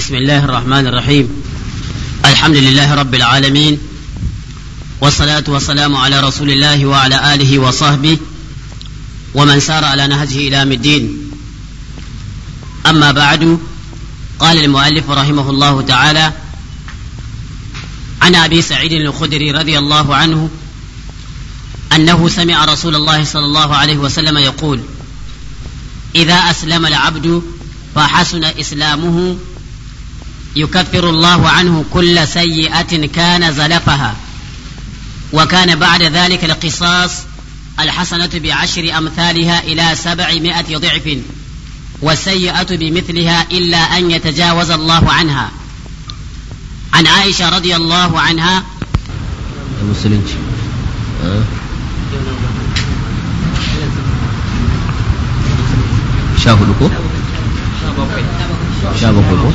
بسم الله الرحمن الرحيم الحمد لله رب العالمين والصلاة والسلام على رسول الله وعلى آله وصحبه ومن سار على نهجه إلى الدين أما بعد قال المؤلف رحمه الله تعالى عن أبي سعيد الخدري رضي الله عنه أنه سمع رسول الله صلى الله عليه وسلم يقول إذا أسلم العبد فحسن إسلامه يكفر الله عنه كل سيئة كان زلفها وكان بعد ذلك القصاص الحسنة بعشر أمثالها إلى سبعمائة ضعف والسيئة بمثلها إلا أن يتجاوز الله عنها عن عائشة رضي الله عنها شافوا شاهدكم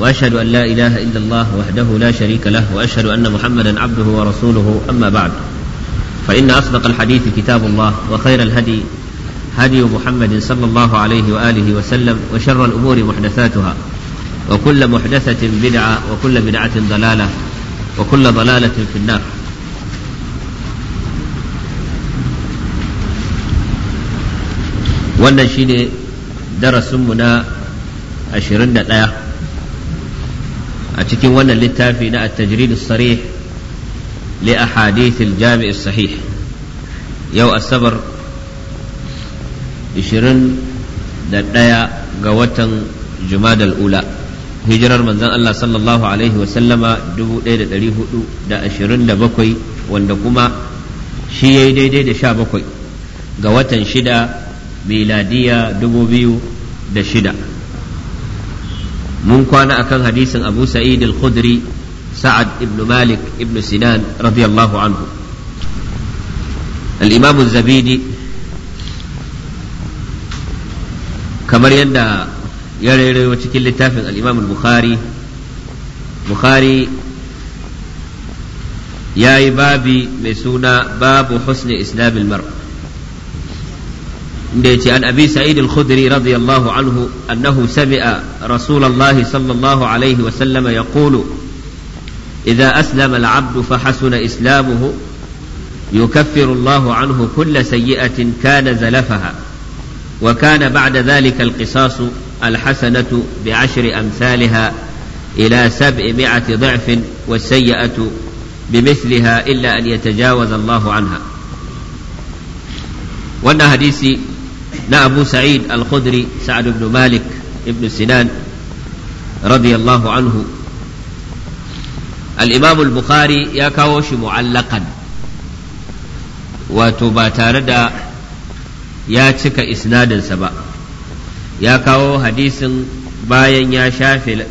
واشهد ان لا اله الا الله وحده لا شريك له واشهد ان محمدا عبده ورسوله اما بعد فان اصدق الحديث كتاب الله وخير الهدي هدي محمد صلى الله عليه واله وسلم وشر الامور محدثاتها وكل محدثه بدعه وكل بدعه ضلاله وكل ضلاله في النار wannan shine darasinmu na 21 a cikin wannan littafi na at sarih li ahadith al-jami' as yau asabar 21 ga watan jumadal ula hijirar manzon Allah sallallahu alaihi wa sallama 1427 wanda kuma shi yayi daidai da sha 17 ga watan shida miladiya shida. mun kwana akan hadisin abu sa'id al sa'ad ibn malik ibnu sinan radiyallahu anhu al zabidi kamar yadda ya rairayo cikin littafin al-imam bukhari bukhari ya yi babi mai suna babu husni islamilmar. ديتي عن أبي سعيد الخدري رضي الله عنه أنه سمع رسول الله صلى الله عليه وسلم يقول إذا أسلم العبد فحسن إسلامه يكفر الله عنه كل سيئة كان زلفها وكان بعد ذلك القصاص الحسنة بعشر أمثالها إلى سبعمائة ضعف والسيئة بمثلها إلا أن يتجاوز الله عنها وأن حديثي na abu sa'id al-khudri sa'ad ibn malik ibn sinan radiyallahu anhu al-imam al-bukhari ya kawo shi mu'allakan wato ba tare da ya cika isnadinsa ba ya kawo hadisin bayan ya shafe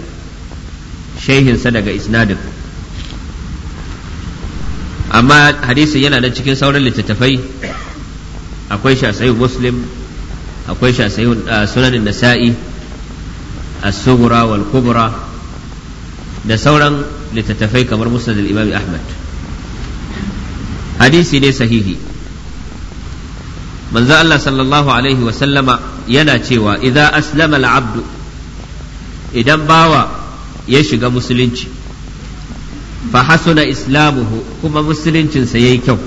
shehinsa daga isnadin amma hadisin yana da cikin sauran littattafai akwai shi a muslim akwai shi a sunanin nasa'i a sugura wal kubra da sauran littattafai kamar Musa da imam ahmad hadisi ne sahihi manzo Allah sallallahu alaihi wa sallama yana cewa idan aslama al idan bawa ya shiga musulunci fa hasuna islamuhu kuma musuluncinsa yayi kyau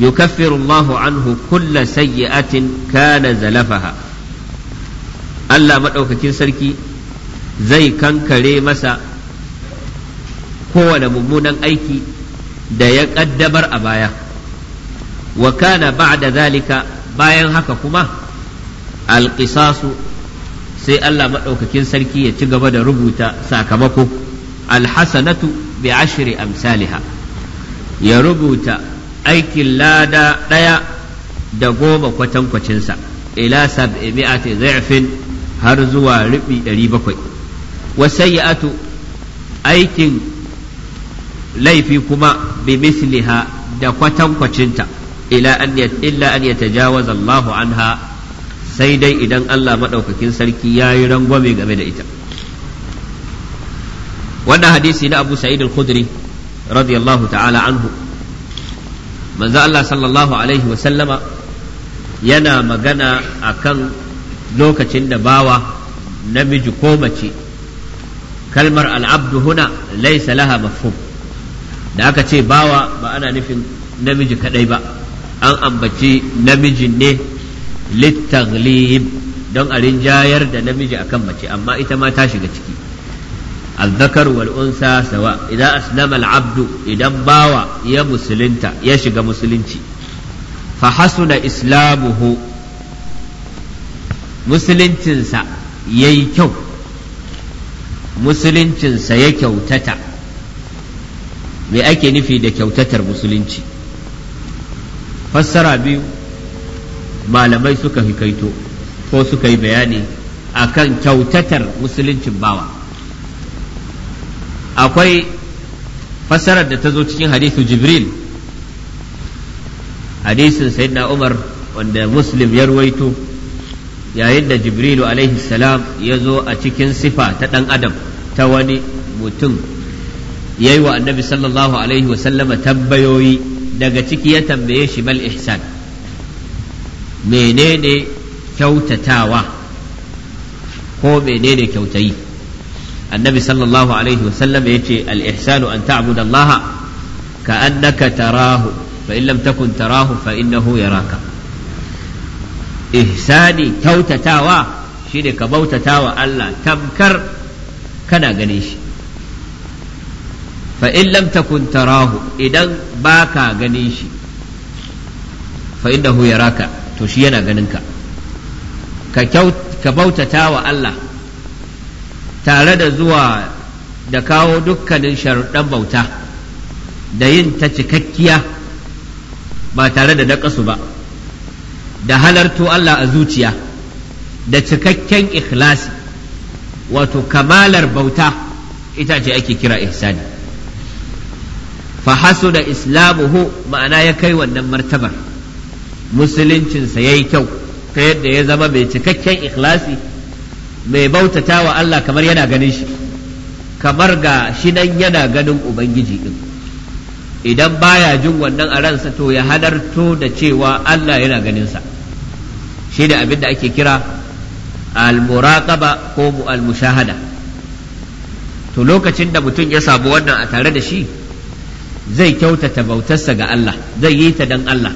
yukaffiru Allahu anhu kulla atin kana zalafaha Allah madaukakin sarki zai kankare masa kowane mummunan aiki da ya ƙaddabar a baya wa kana ba'da zalika bayan haka kuma alƙisasu sai Allah maɗaukakin sarki ya ci gaba da rubuta sakamako alhasanatu bi ashri amsaliha ya rubuta aikin lada ɗaya da goma kwatankwacinsa ila sab'imi'ati za'fin har zuwa ribi ɗari bakwai wasayyatu aikin laifi kuma bi misliha da kwatankwacinta illa an yatajawaza Allahu anha sai dai idan Allah maɗaukakin sarki ya yi rangwame game da ita wannan hadisi na Abu Sa'id al-Khudri radiyallahu ta'ala anhu manzo Allah sallallahu alaihi wa sallama yana magana akan lokacin da bawa namiji ko mace kalmar al'abdu huna laisa laha mafhum da aka ce bawa ba ana nufin namiji kadai ba an ambaci namijin ne littaglib don a rinjayar da namiji akan mace amma ita ma ta shiga ciki الذكر والأنثى سواء إذا أسلم العبد إذا باوى يا مسلمتا يا شيخ مسلمتي فحسن إسلامه مسلمتنسا kyau. مسلمتنسا ya تتا me ake nufi da kyautatar musulunci fassara biyu malamai suka hikaito ko suka yi bayani akan kyautatar musuluncin bawa akwai fassarar da ta zo cikin hadithu jibril hadisin sayyidina umar wanda muslim ya ruwaito yayin da jibrilu alaihi salam ya zo a cikin sifa ta ɗan adam ta wani mutum ya yi wa annabi sallallahu alaihi wasallama tambayoyi daga ciki ya tambaye shi bal ihsan menene kyautatawa ko menene kyautayi annabi sallallahu alaihi wasallam ya ce al-ihsanu an ta'budu Allah ka annaka tarahu fa in lam takun tarahu fa innahu yaraka ihsani kyautatawa shine ka bautatawa Allah tamkar kana gane shi fa in lam takun tarahu idan baka gane shi fa to shi yana ganin ka ka Allah tare da zuwa da kawo dukkanin sharuɗan bauta da yin ta cikakkiya ba tare da naƙasu ba da halarto Allah a zuciya da cikakken ikhlasi wato kamalar bauta ita ce ake kira ihsani fa da islamuhu ma'ana ya kai wannan martabar musuluncinsa ya yi kyau ta yadda ya zama mai cikakken ikhlasi mai bautata wa Allah kamar yana ganin shi kamar ga shi nan yana ganin ubangiji ɗin idan baya jin wannan a ransa to ya halarto da cewa Allah yana ganinsa shi da abin da ake kira al-muraqaba ko al-mushahada to lokacin da mutum ya sabu wannan a tare da shi zai kyautata bautarsa ga Allah zai yi ta dan Allah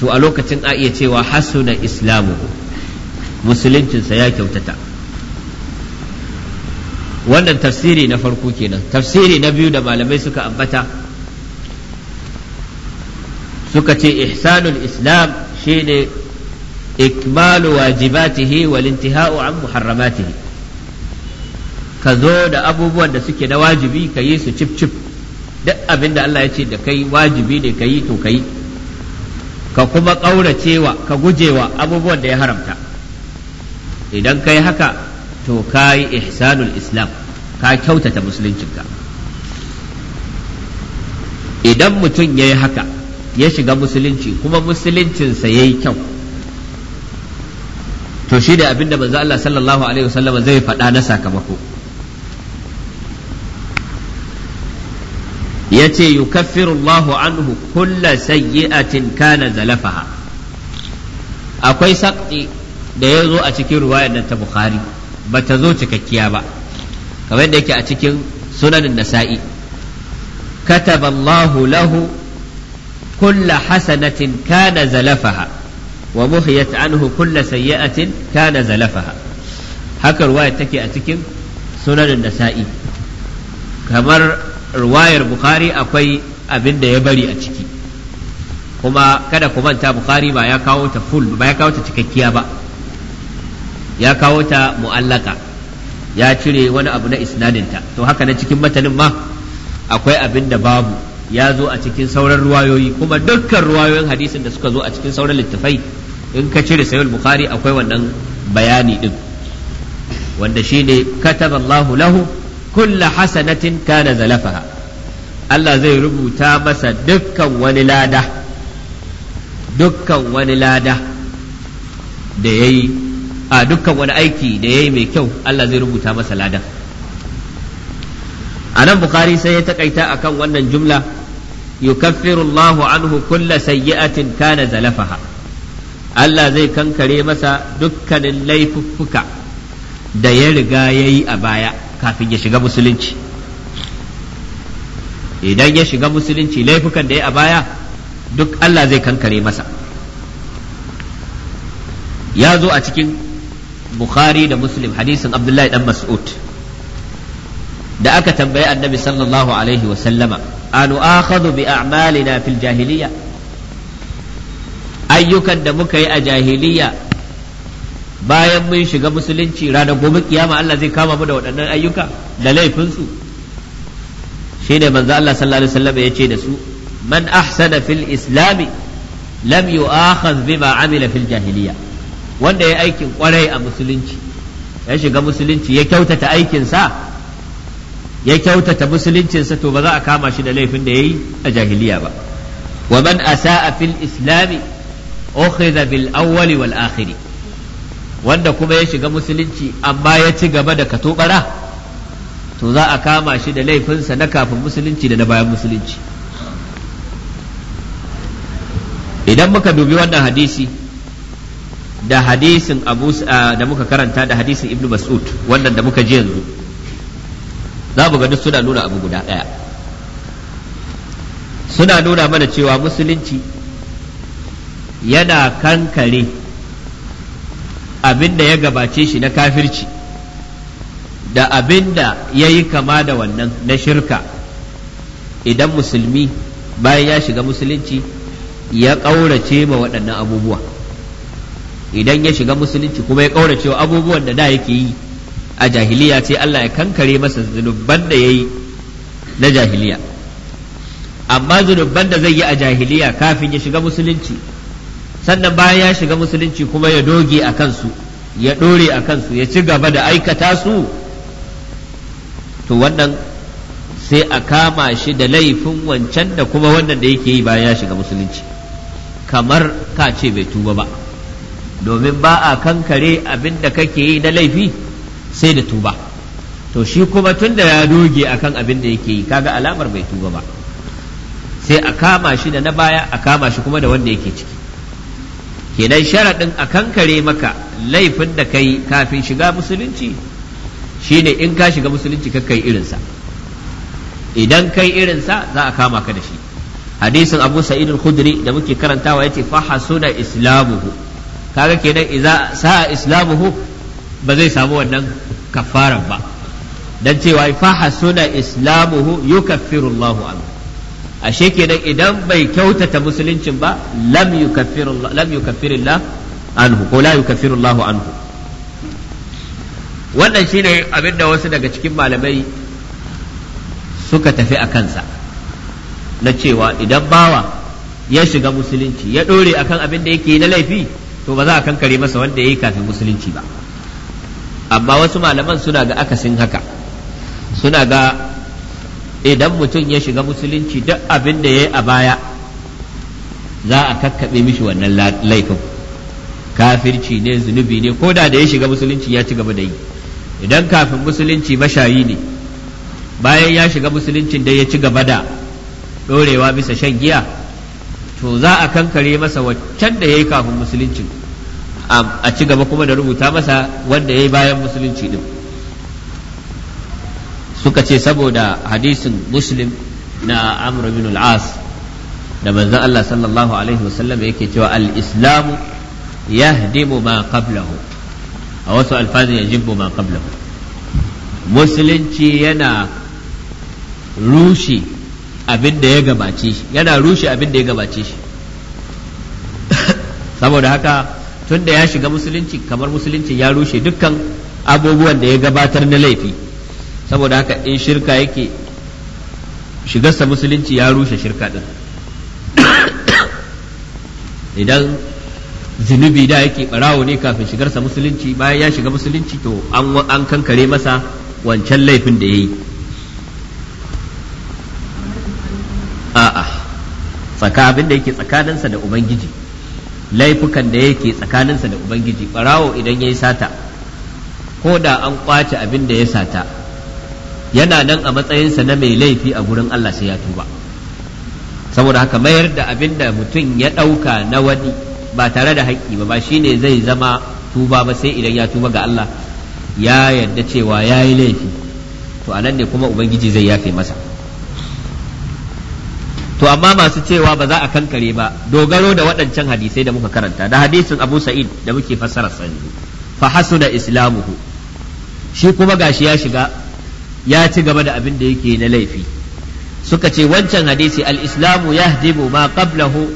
to a lokacin a iya cewa hasuna islamu musuluncinsa ya kyautata wannan tafsiri na farko kenan tafsiri na biyu da malamai suka ambata suka ce ihsanul islam shine ikmalu wajibatihi wal intiha'u an muharramatihi ka zo da abubuwan da suke na wajibi ka yi su cip cip duk abin da Allah ya ce da kai wajibi ne ka yi to ka yi ka kuma ƙauracewa ka gujewa abubuwan da ya haramta idan yi haka to ka yi ihsanul islam ka kyautata musuluncinka idan mutum ya yi haka ya shiga musulunci kuma musuluncinsa ya yi kyau to shi da abinda manzo Allah sallallahu alaihi wasallam zai faɗa na sakamako ya ce yukaffiru anhu kulla sayyi'atin kana zalafaha akwai sakti da ya zo a cikin ruwayar nan ta bukhari ba ta zo cikakkiya ba kamar yadda yake a cikin sunanin nasa'i kataballahu lahu kulla hasanatin kana zalafaha wa muhiyat anhu kulla sayyi'atin kana zalafaha haka ruwayar take a cikin sunanin nasa'i kamar ruwayar bukhari akwai abin da ya bari a ciki kuma kada ku manta bukhari ba ya kawo ta full ba ya kawo ta cikakkiya ba ya kawo ta mu'allaka ya cire wani abu na isnadinta to haka na cikin matanin ma akwai abin da babu ya zo a cikin sauran ruwayoyi kuma dukkan ruwayoyin hadisin da suka zo a cikin sauran littafai in ka cire sayul bukhari akwai wannan bayani din wanda shine kataballahu lahu kulla hasanatin kana zalafaha Allah zai rubuta masa dukkan wani lada dukkan wani lada da yayi a dukkan wani aiki da yayi mai kyau Allah zai rubuta masa ladan a nan bukhari sai ya takaita akan wannan jumla yukaffiru Allahu anhu kulla sayyi'atin kana zalafaha Allah zai kankare masa dukkanin laifuffuka da ya riga yayi a baya kafin ya shiga musulunci idan ya shiga musulunci laifukan da ya a baya duk Allah zai kankare masa ya zo a cikin bukhari da muslim hadisin abdullahi dan mas'ud da aka tambayi annabi sallallahu alaihi wasallama anu akhadhu bi a'malina ayyukan da muka yi a jahiliya bayan mun shiga musulunci ranar gobe kiyama Allah zai kama mu da waɗannan ayyuka da laifinsu shine manzo Allah sallallahu alaihi wasallama ya ce da su man ahsana fil islami lam yu'akhadh bima amila fil jahiliya wanda ya aikin kwarai a musulunci ya shiga musulunci ya kyautata aikinsa ya kyautata musuluncinsa to ba za a kama shi da laifin da ya yi a jahiliya ba wa man asa'a fil islami ukhidha bil awwali wal akhiri wanda kuma ya shiga musulunci amma ya ci gaba da katobara to za a kama shi da laifinsa na kafin musulunci da na bayan musulunci idan muka dubi wannan hadisi da hadisin abu ah, da muka karanta da hadisin ibnu mas'ud wannan da muka ji yanzu za mu ga duk suna nuna abu guda ɗaya suna nuna mana cewa musulunci yana kankare abinda ya gabace shi na kafirci da abinda da ya yi kama da wannan na shirka idan musulmi bayan ya shiga musulunci ya ƙaurace ma waɗannan abubuwa idan ya shiga musulunci kuma ya kaura cewa abubuwan da da yake yi a jahiliya ce Allah ya kankare masa zunuban da ya yi na jahiliya amma zunuban da zai yi a jahiliya kafin ya shiga musulunci sannan bayan ya shiga musulunci kuma ya doge a kansu ya ɗore a kansu ya ci gaba da aikata su to wannan sai a kama shi da laifin wancan da kuma wannan da yake yi bayan ya shiga musulunci kamar ka ce bai tuba ba domin ba a kankare abin da kake yi na laifi sai da tuba to shi kuma tun da ya doge akan abin da yake yi kaga alamar bai tuba ba sai a kama shi da na baya a kama shi kuma da wanda yake ciki kenan sharaɗin a kankare maka laifin da kai kafin shiga musulunci shine in ka shiga musulunci ka kai irinsa idan kai irinsa za a kama ka da shi hadisin abu sa'id khudri da muke karantawa yace fa hasuna islamuhu kaga kenan idan sa'a islamuhu ba zai samu wannan kafaran ba dan cewa fa hasuna islamuhu yukaffiru Allahu anhu ashe kenan idan bai kyautata musuluncin ba lam yukaffiru lam Allah anhu ko la yukaffiru Allahu anhu wannan shine abinda wasu daga cikin malamai suka tafi a kansa na cewa idan bawa ya shiga musulunci ya dore akan abin da yake na laifi to ba za a kankare masa wanda ya yi kafin musulunci ba amma wasu malaman suna ga akasin haka suna ga idan mutum ya shiga musulunci duk abin da ya yi a baya za a kakkaɓe mishi wannan laifin kafirci ne zunubi ne ko da da ya shiga musulunci ya ci gaba da yi idan kafin musulunci mashayi ne bayan ya shiga musulunci da ya ci gaba da ɗorewa bisa shan giya to za a kankare masa waccan da ya yi kafin musulunci a ci gaba kuma da rubuta masa wanda ya yi bayan musulunci din suka ce saboda hadisin muslim na amr bin al-as da manzon Allah sallallahu alaihi wasallam yake cewa al-islamu yahdimu ma qablahu a wasu ya yajibu ma qablahu musulunci yana rushe abin da ya gabace shi yana rushe abin da ya gabace shi saboda haka tun da ya shiga musulunci kamar musulunci ya rushe dukkan abubuwan da ya gabatar na laifi saboda haka in shirka yake shigarsa musulunci ya rushe shirka din idan zunubi da yake barawo ne kafin shigarsa musulunci bayan ya shiga musulunci to an kankare masa wancan laifin da ya yi tsaka abin da yake tsakaninsa da ubangiji laifukan da yake tsakaninsa da ubangiji barawo idan ya yi sata ko da an kwace abin da ya sata yana nan a matsayinsa na mai laifi a gurin Allah sai ya tuba saboda haka mayar da abin da mutum ya ɗauka na wani ba tare da haƙƙi ba ba shine zai zama tuba ba sai idan ya tuba ga Allah ya yarda cewa ya yi laifi to anan ne kuma ubangiji zai yafe masa to amma masu cewa ba za a kankare ba dogaro da waɗancan hadisai da muka karanta da hadisin Abu Sa'id da muke fassara sanzu fa hasuna islamuhu shi kuma gashi ya shiga ya ci gaba da abin da yake na laifi suka ce wancan hadisi al-islamu yahdimu ma qablahu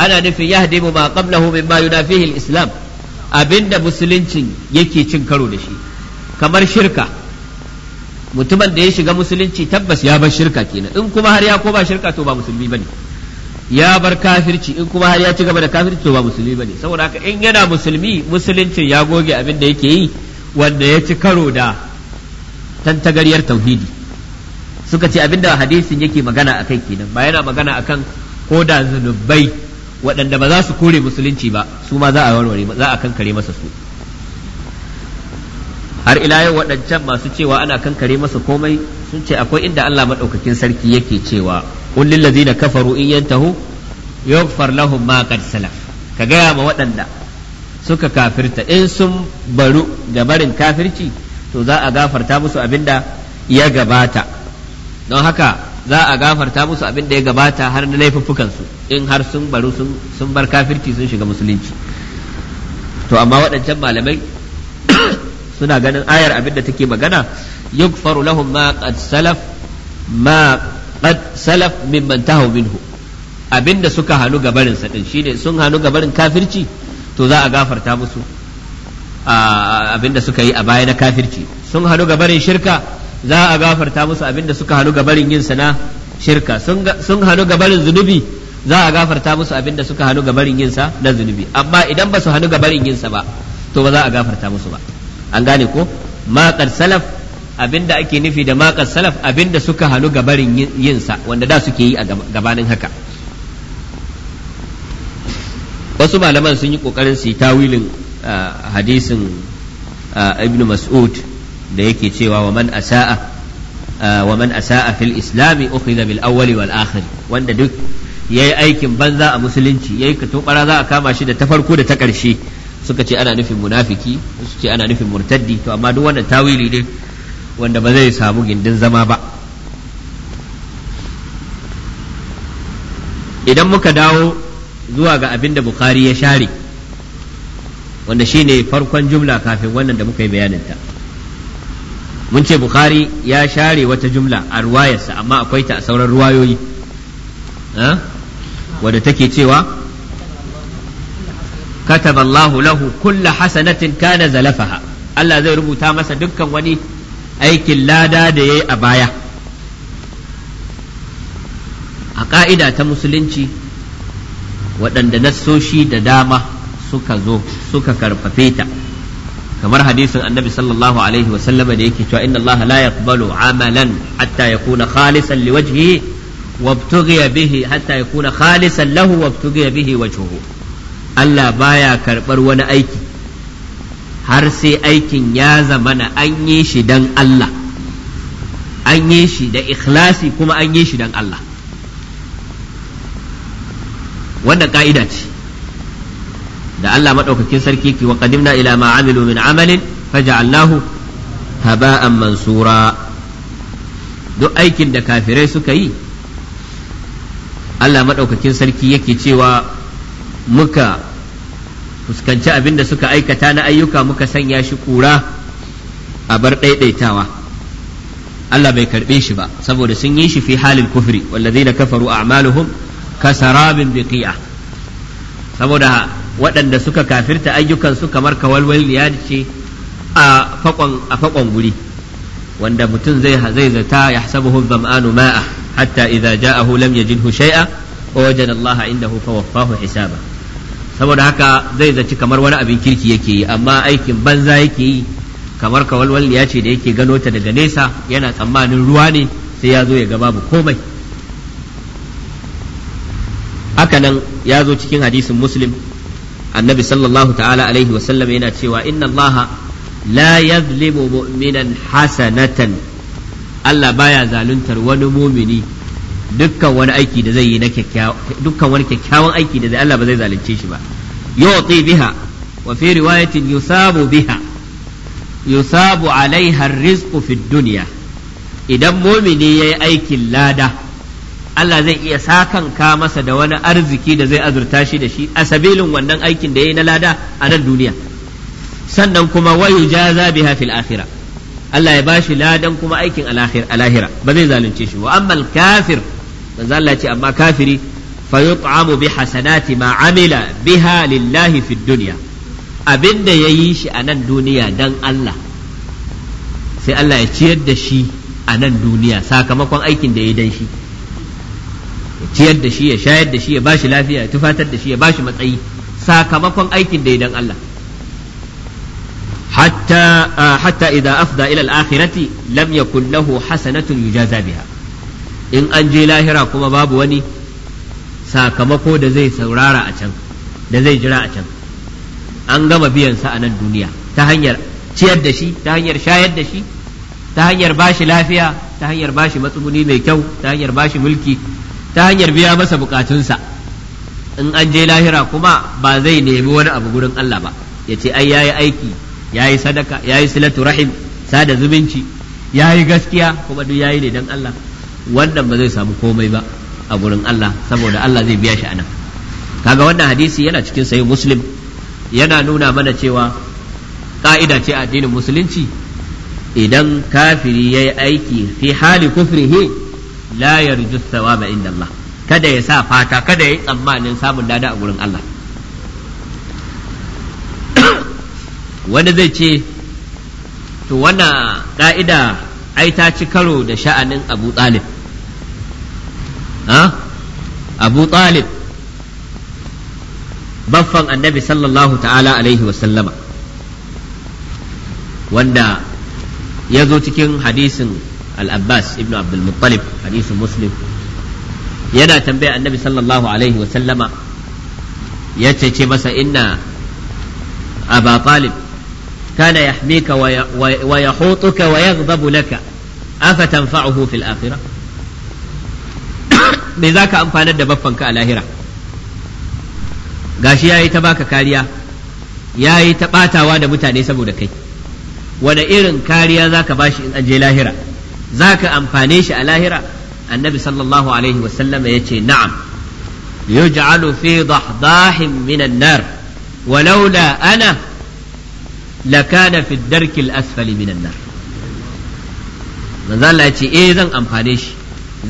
ana nufin yahdimu ma qablahu mimma yunafihi al-islam abinda musuluncin yake cin karo da shi kamar shirka mutumin da ya shiga musulunci tabbas ya bar shirka kenan in kuma har ya ko ba shirka to ba musulmi bane ya bar kafirci in kuma har ya ci gaba da kafirci to ba musulmi bane saboda haka in yana musulmi musuluncin ya goge abin da yake yi wanda ya ci karo da tantagaryar tauhidi suka ce abinda hadisin yake magana akai kenan ba yana magana akan ko da zunubai waɗanda ba za su kore musulunci ba su ma za a warware za a kankare masa su har ila yau waɗancan masu cewa ana kankare masa komai sun ce akwai inda Allah maɗaukakin sarki yake cewa qul lil kafaru in yantahu yughfar lahum ma qad salaf ka gaya ma waɗanda suka kafirta in sun baru da barin kafirci to za a gafarta musu abinda ya gabata don haka za a gafarta musu abin da ya gabata har na su in har sun baru sun bar kafirci sun shiga musulunci to amma waɗancan malamai suna ganin ayar abin da take magana yughfaru lahum ma qad salaf ma qad salaf mimman tahu minhu abinda suka hannu gabarin sa din shine sun hannu gabarin kafirci to za a gafarta musu abinda suka yi a baya na kafirci sun hannu gabarin shirka za a gafarta musu abinda suka hannu gabarin yin sana shirka sun hannu gabarin zunubi za a gafarta musu abinda suka hannu gabarin yin sa na zunubi amma idan ba su hannu gabarin yin sa ba to ba za a gafarta musu ba an gane ko maƙar salaf abinda ake nufi da maƙar salaf abinda suka hannu gabarin yinsa wanda da suke yi a gabanin haka wasu malaman sun yi ƙoƙarin su yi tawilin hadisin ibn mas'ud da yake cewa wa man asa'a wa man asa'a fil islami ukhidha bil wal akhir wanda duk yayi aikin banza a musulunci yayi katobara za a kama shi da ta farko da ta ƙarshe suka ce ana nufin munafiki su ce ana nufin murtaddi to amma duk wannan tawili ne wanda ba zai samu gindin zama ba idan muka dawo zuwa ga abin da bukhari ya share wanda shine farkon jumla kafin wannan da muka yi bayaninta mun ce bukhari ya share wata jumla a ruwayarsa amma akwai ta a sauran ruwayoyi wadda take cewa kataballahu lahu kulla hasanatin kana zalafaha Allah zai rubuta masa dukkan wani aikin lada da yayi a baya a ka'ida ta musulunci waɗanda nassoshi da dama suka zo suka karfafe ta kamar hadisin annabi sallallahu alaihi wa sallama da yake cewa inna Allah la yaqbalu amalan hatta yakuna khalisan liwajhihi وابتغي به حتى يكون خالصا له وابتغي به وجهه Allah baya karɓar wani aiki har sai aikin ya zamana an yi shi don Allah an yi shi da ikhlasi kuma an yi shi don Allah wannan ka'ida ce da Allah maɗaukakin sarki ki wa qadimna ila ma amilu min amalin faja'alnahu haba'an mansura duk aikin da kafirai suka yi Allah maɗaukakin sarki yake cewa muka fuskanci abin da suka aikata na ayyuka muka sanya shi kura a bar ɗaiɗaitawa Allah bai karɓe shi ba saboda sun yi shi fi halin kufri wallazina kafaru a'maluhum kasarabin biqi'a saboda waɗanda suka kafirta ayyukansu kamar kawalwal ya ce a fakon guri wanda mutum zai zai zata yahsabuhu dhama'anu ma'a hatta idza ja'ahu lam yajidhu shay'a wa wajada Allah indahu fawaffahu hisaba saboda haka zai zaci kamar wani abin kirki yake yi amma aikin banza yake yi kamar kawalwal ya ce da yake gano ta daga nesa yana tsammanin ruwa ne sai ya zo ya ga babu komai hakanan ya zo cikin hadisin muslim annabi sallallahu ta'ala alaihi wasallam yana cewa inna allaha la yazlimu mu'minan hasanatan Allah baya zaluntar wani mumini dukkan wani aiki da zai yi na dukkan wani kyakkyawan aiki da zai Allah ba zai zalunce shi ba yuti biha wa fi riwayatin yusabu biha yusabu alaiha rizqu fi dunya idan mumini yayi aikin lada Allah zai iya sakanka masa da wani arziki da zai azurta shi da shi a sabilin wannan aikin da yayi na lada a nan duniya sannan kuma wayu jaza biha fil akhirah Allah ya bashi ladan kuma aikin a lahira ba zai zalunce shi wa ammal kafir manzo Allah ce amma kafiri fa yut'amu bi hasanati ma amila biha lillahi fid dunya abinda yayi shi a nan duniya dan Allah sai Allah ya ciyar da shi a nan duniya sakamakon aikin da ya dan shi ciyar da shi ya shayar da shi ya bashi lafiya ya tufatar da shi ya bashi matsayi sakamakon aikin da ya dan Allah hatta ah, hatta idza afda akhirati lam yakul lahu hasanatun yujaza biha in an je lahira kuma babu wani sakamako da zai saurara a can da zai jira a can an gama biyan sa a nan duniya ta hanyar ciyar da shi ta hanyar shayar da shi ta hanyar bashi lafiya ta hanyar bashi matsuguni mai kyau ta hanyar bashi mulki ta hanyar biya masa bukatunsa in an je lahira kuma ba zai nemi wani abu gurin Allah ba ya ce ai yayi aiki yayi sadaka yayi silatu rahim sada zumunci yayi gaskiya kuma duk yayi ne dan Allah wannan ba zai samu komai ba a gurin Allah saboda Allah zai biya shi anan kaga wannan hadisi yana cikin sahih muslim yana nuna mana cewa ka'ida ce addinin musulunci idan kafiri yayi aiki fi hali kufrihi la yarju thawaba inda Allah kada ya sa fata kada ya yi tsammanin samun dada a gurin Allah wani zai ce to wannan ka'ida ai ta ci karo da sha'anin abu talib abu talib baffan annabi sallallahu ta'ala alaihi wasallama wanda ya zo cikin hadisin al-abbas ibn abdulmuttalib hadisin muslim yana tambaya annabi sallallahu alaihi wasallama ya ce ce masa inna aba talib waya yahmika wa yahutuka wa yaghdabu laka afa fil akhirah me za ka amfanar da baffanka a lahira gashi ya yi ta baka kariya ya yi ta ɓatawa da mutane saboda kai wani irin kariya za ka bashi in an je lahira za ka amfane shi a lahira annabi sallallahu alaihi wasallama ya ce na'am yuj'alu fi dahdahin minan nar walaula ana lakana fi darkil asfali minan nar manzo Allah ya ce eh zan amfane shi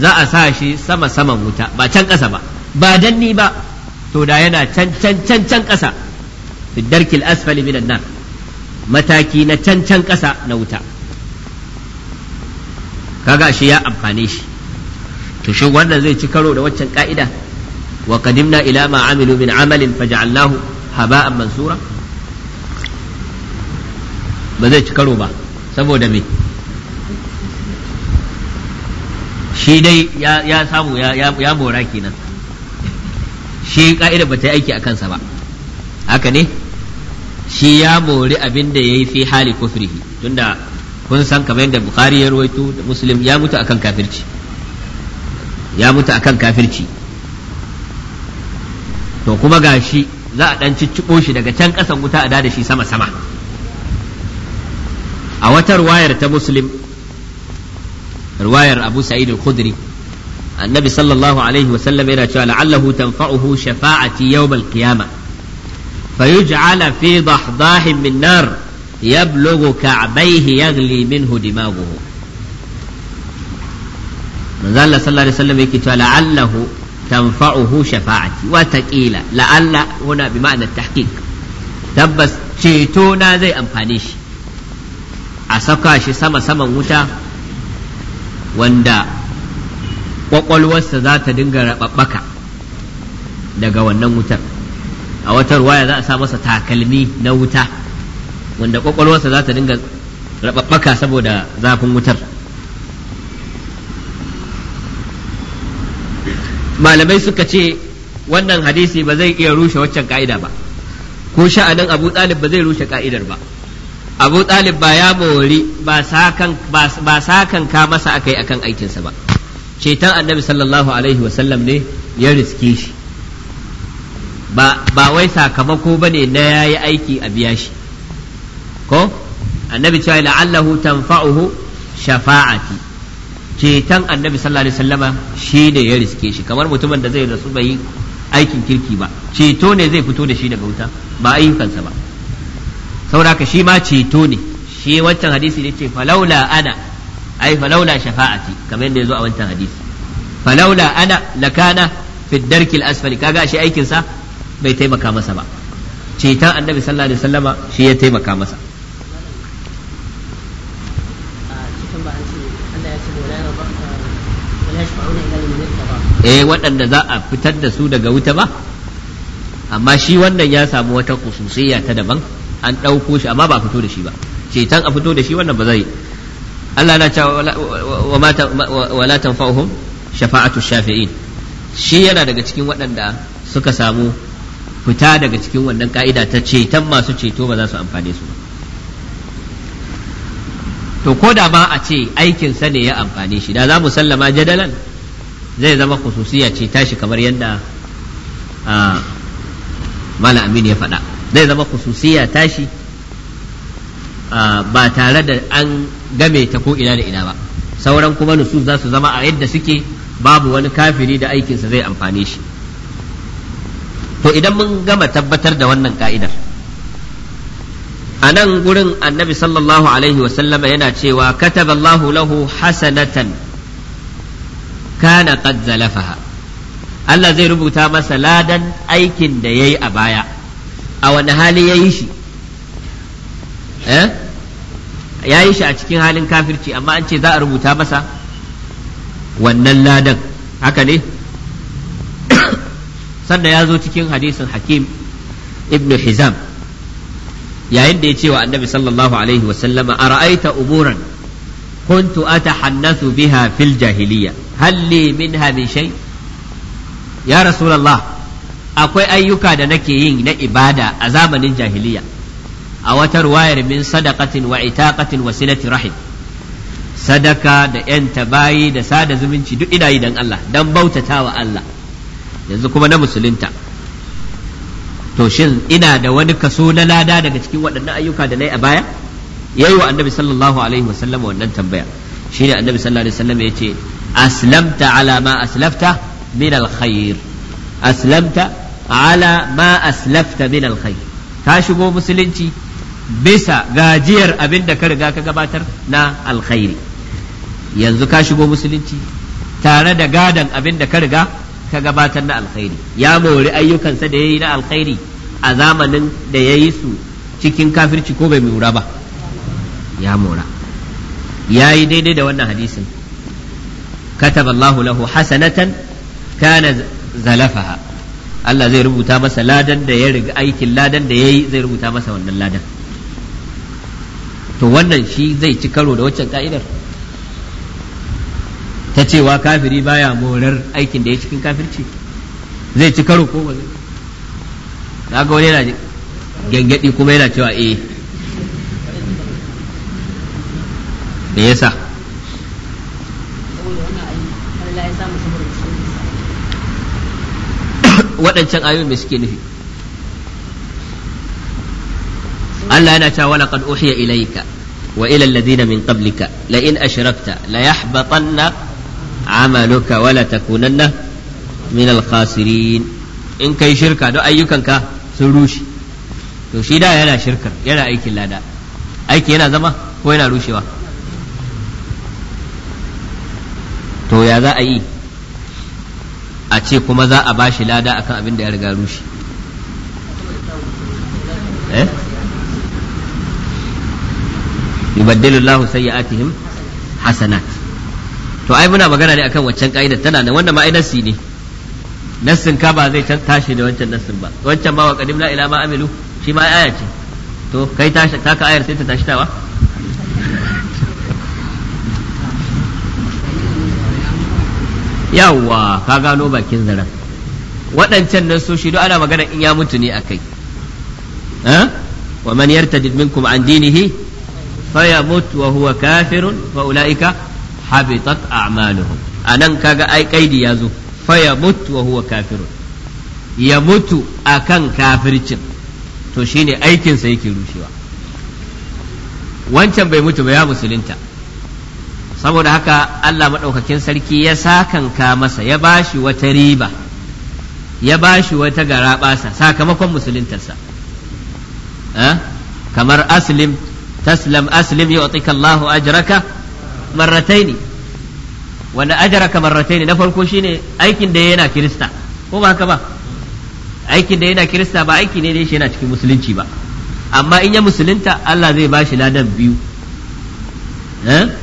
za a sa shi sama saman wuta ba can ƙasa ba ba danni ba to da yana can can can can ƙasa darkil asfali minan nan mataki na can can ƙasa na wuta kaga shi ya amfane shi to shi wannan zai ci karo da waccan ka'ida wa qadimna ila ma amilu min amalin faj'alnahu haba'an mansura ba zai ci karo ba saboda me shi dai ya samu ya mora kenan shi ka'ida ba ta yi aiki a kansa ba haka ne shi ya mori abin da ya yi fi hali kufrihi tunda kun san kamar yadda bukari ya ruwaito da musulun ya mutu akan kafirci ya mutu akan kafirci to kuma ga shi za a ɗan cicciɓo shi daga can ƙasan wuta a da shi sama sama a watar wayar ta musulun riwayar Abu Sa'id al-Khudri annabi sallallahu alaihi wa sallam yana cewa la'allahu tanfa'uhu shafa'ati yawm al-qiyamah fayuj'ala fi dahdahin min nar yablughu ka'bayhi yaghli minhu dimaghuhu manzo Allah sallallahu alaihi wa sallam yake tabbas ceto na zai amfane shi a saka shi sama saman wuta wanda kwakwalwarsa za ta dinga rababbaka daga wannan wutar a wata ruwaya za a sa masa takalmi na wuta wanda kwakwalwarsa za ta dinga rababbaka saboda zafin wutar malamai suka ce wannan hadisi ba zai iya rushe waccan ka'ida ba ko sha'anin abu ɗalib ba zai rushe ka'idar ba abu ɗalib ba ya mori ba sa kan ka masa akai akan aikinsa ba ceton annabi sallallahu alaihi wasallam ne ya riske shi ba wai sakamako ba ne na ya yi aiki a biya shi ko annabi cewa la'allahu tanfa'uhu shafa'ati ceton annabi sallallahu alaihi wasallama shi ne ya riske shi kamar mutumin da zai rasu bai aikin kirki ba ceto ne zai fito da shi daga wuta ba ayyukansa ba saboda ka shi ma ceto ne shi wancan hadisi ne ce falaula ana ai falaula shafa'ati kamar yadda yazo a wancan hadisi falaula ana lakana fi darkil asfali kaga shi aikin sa bai taimaka masa ba ceton annabi sallallahu alaihi wasallama shi ya taimaka masa eh waɗanda za a fitar da su daga wuta ba amma shi wannan ya samu wata kususiyya ta daban an ɗauko shi amma ba a fito da shi ba ceton a fito da shi wannan ba zai Allah na cewa wala tanfa'uhum shafa'atu shafi'in shi yana daga cikin waɗanda suka samu fita daga cikin wannan ka'ida ta ceton masu ceto ba za su amfane su ba to ko da ma a ce aikin sa ne ya amfane shi da za mu sallama jadalan zai zama khususiya ce tashi kamar yadda ah, mala amin ya faɗa zai zama khususiya tashi ba tare da an game ta ko ina da ina ba sauran kuma nusus za su zama a yadda suke babu wani kafiri da aikinsa zai amfane shi to idan mun gama tabbatar da wannan ka'idar a nan gurin annabi sallallahu alaihi wasallama yana cewa kataballahu lahu hasanatan kana qad zalafaha Allah zai rubuta masa ladan aikin da yayi a baya a wani hali ya yi shi eh? ya yi shi a cikin halin kafirci amma an ce za a rubuta masa wannan ladan haka ne sannan ya zo cikin hadisin hakim ibn hizam yayin da ya ce wa annabi sallallahu alaihi wasallama a ra'aita umuran kuntu atahannasu biha fil jahiliya halli min shay ya rasulullah akwai ayyuka da nake yin na ibada a zamanin jahiliya a wata ruwayar min sadaqatin wa itaqatin wa silati rahim sadaka da yan bayi da sada zumunci duk ina yi dan Allah dan bautatawa Allah yanzu kuma na musulunta to shin ina da wani kaso na lada daga cikin waɗannan ayyuka da na a baya yayi wa annabi sallallahu alaihi wasallam wannan tambaya shine annabi sallallahu alaihi wasallam yace aslamta ala ma aslafta min alkhair aslamta ala ma aslafta min alkhair ka shigo musulunci bisa gajiyar abin da ka riga ka gabatar na alkhairi yanzu ka shigo musulunci tare da gadan abin da ka riga ka gabatar na alkhairi ya mori ayyukansa da ya yi na alkhairi a zamanin da ya yi su cikin kafirci ko bai mura ba ya mura ya yi daidai da wannan hadisin kataballahu lahu له kana zalafaha Allah zai rubuta masa ladan da ya riga aikin ladan da yayi zai rubuta masa wannan ladan to wannan shi zai ci karo da waccan ka'idar ta cewa kafiri baya morar aikin da ya cikin kafirci zai ci karo ko ba zai ga wani yana gyangyaɗi kuma yana cewa eh me yasa waɗancan ayoyin me suke nufi Allah yana cewa laqad uhiya ilayka wa ila alladhina min qablika la in ashrakta la yahbatanna amaluka wa la takunanna min al-khasirin in kai shirka don ayyukanka sun rushe to shi da yana shirkar yana aikin lada aiki yana zama ko yana rushewa to ya za a yi a ce kuma za a bashi lada akan abin da ya riga rushe eh yubaddilu Allahu sayyi'atihim hasanat to ai muna magana ne akan waccan ka'idar tana da ai nassi ne nassin ka ba zai tashi da wancan nassin ba wancan ba wa qadimna ila ma amilu shi ma aya ce to kai tashi ka ayar sai ta tashi tawa yawwa ka gano bakin zaren waɗancan nan so shi duk ana magana in ya mutu ne akai wa man yartadid minkum an dinihi fayamut wa huwa kafirun fa ulaika habitat a'maluhum anan kaga ai kaidi ya zo fayamut wa huwa kafirun ya mutu akan kafircin to shine aikinsa yake rushewa wancan bai mutu ba ya musulunta saboda haka Allah maɗaukakin sarki ya sakanka masa ya bashi wata riba ya bashi wata garaɓasa sakamakon musulintarsa. Eh? kamar aslim taslam aslim ya Allahu ajraka marrataini wanda ajraka ne na farko shine aikin da yana kirista ko ba haka ba aikin da yana kirista ba aiki ne da shi yana cikin musulunci ba amma in ya musulunta Allah zai bashi ladan biyu eh?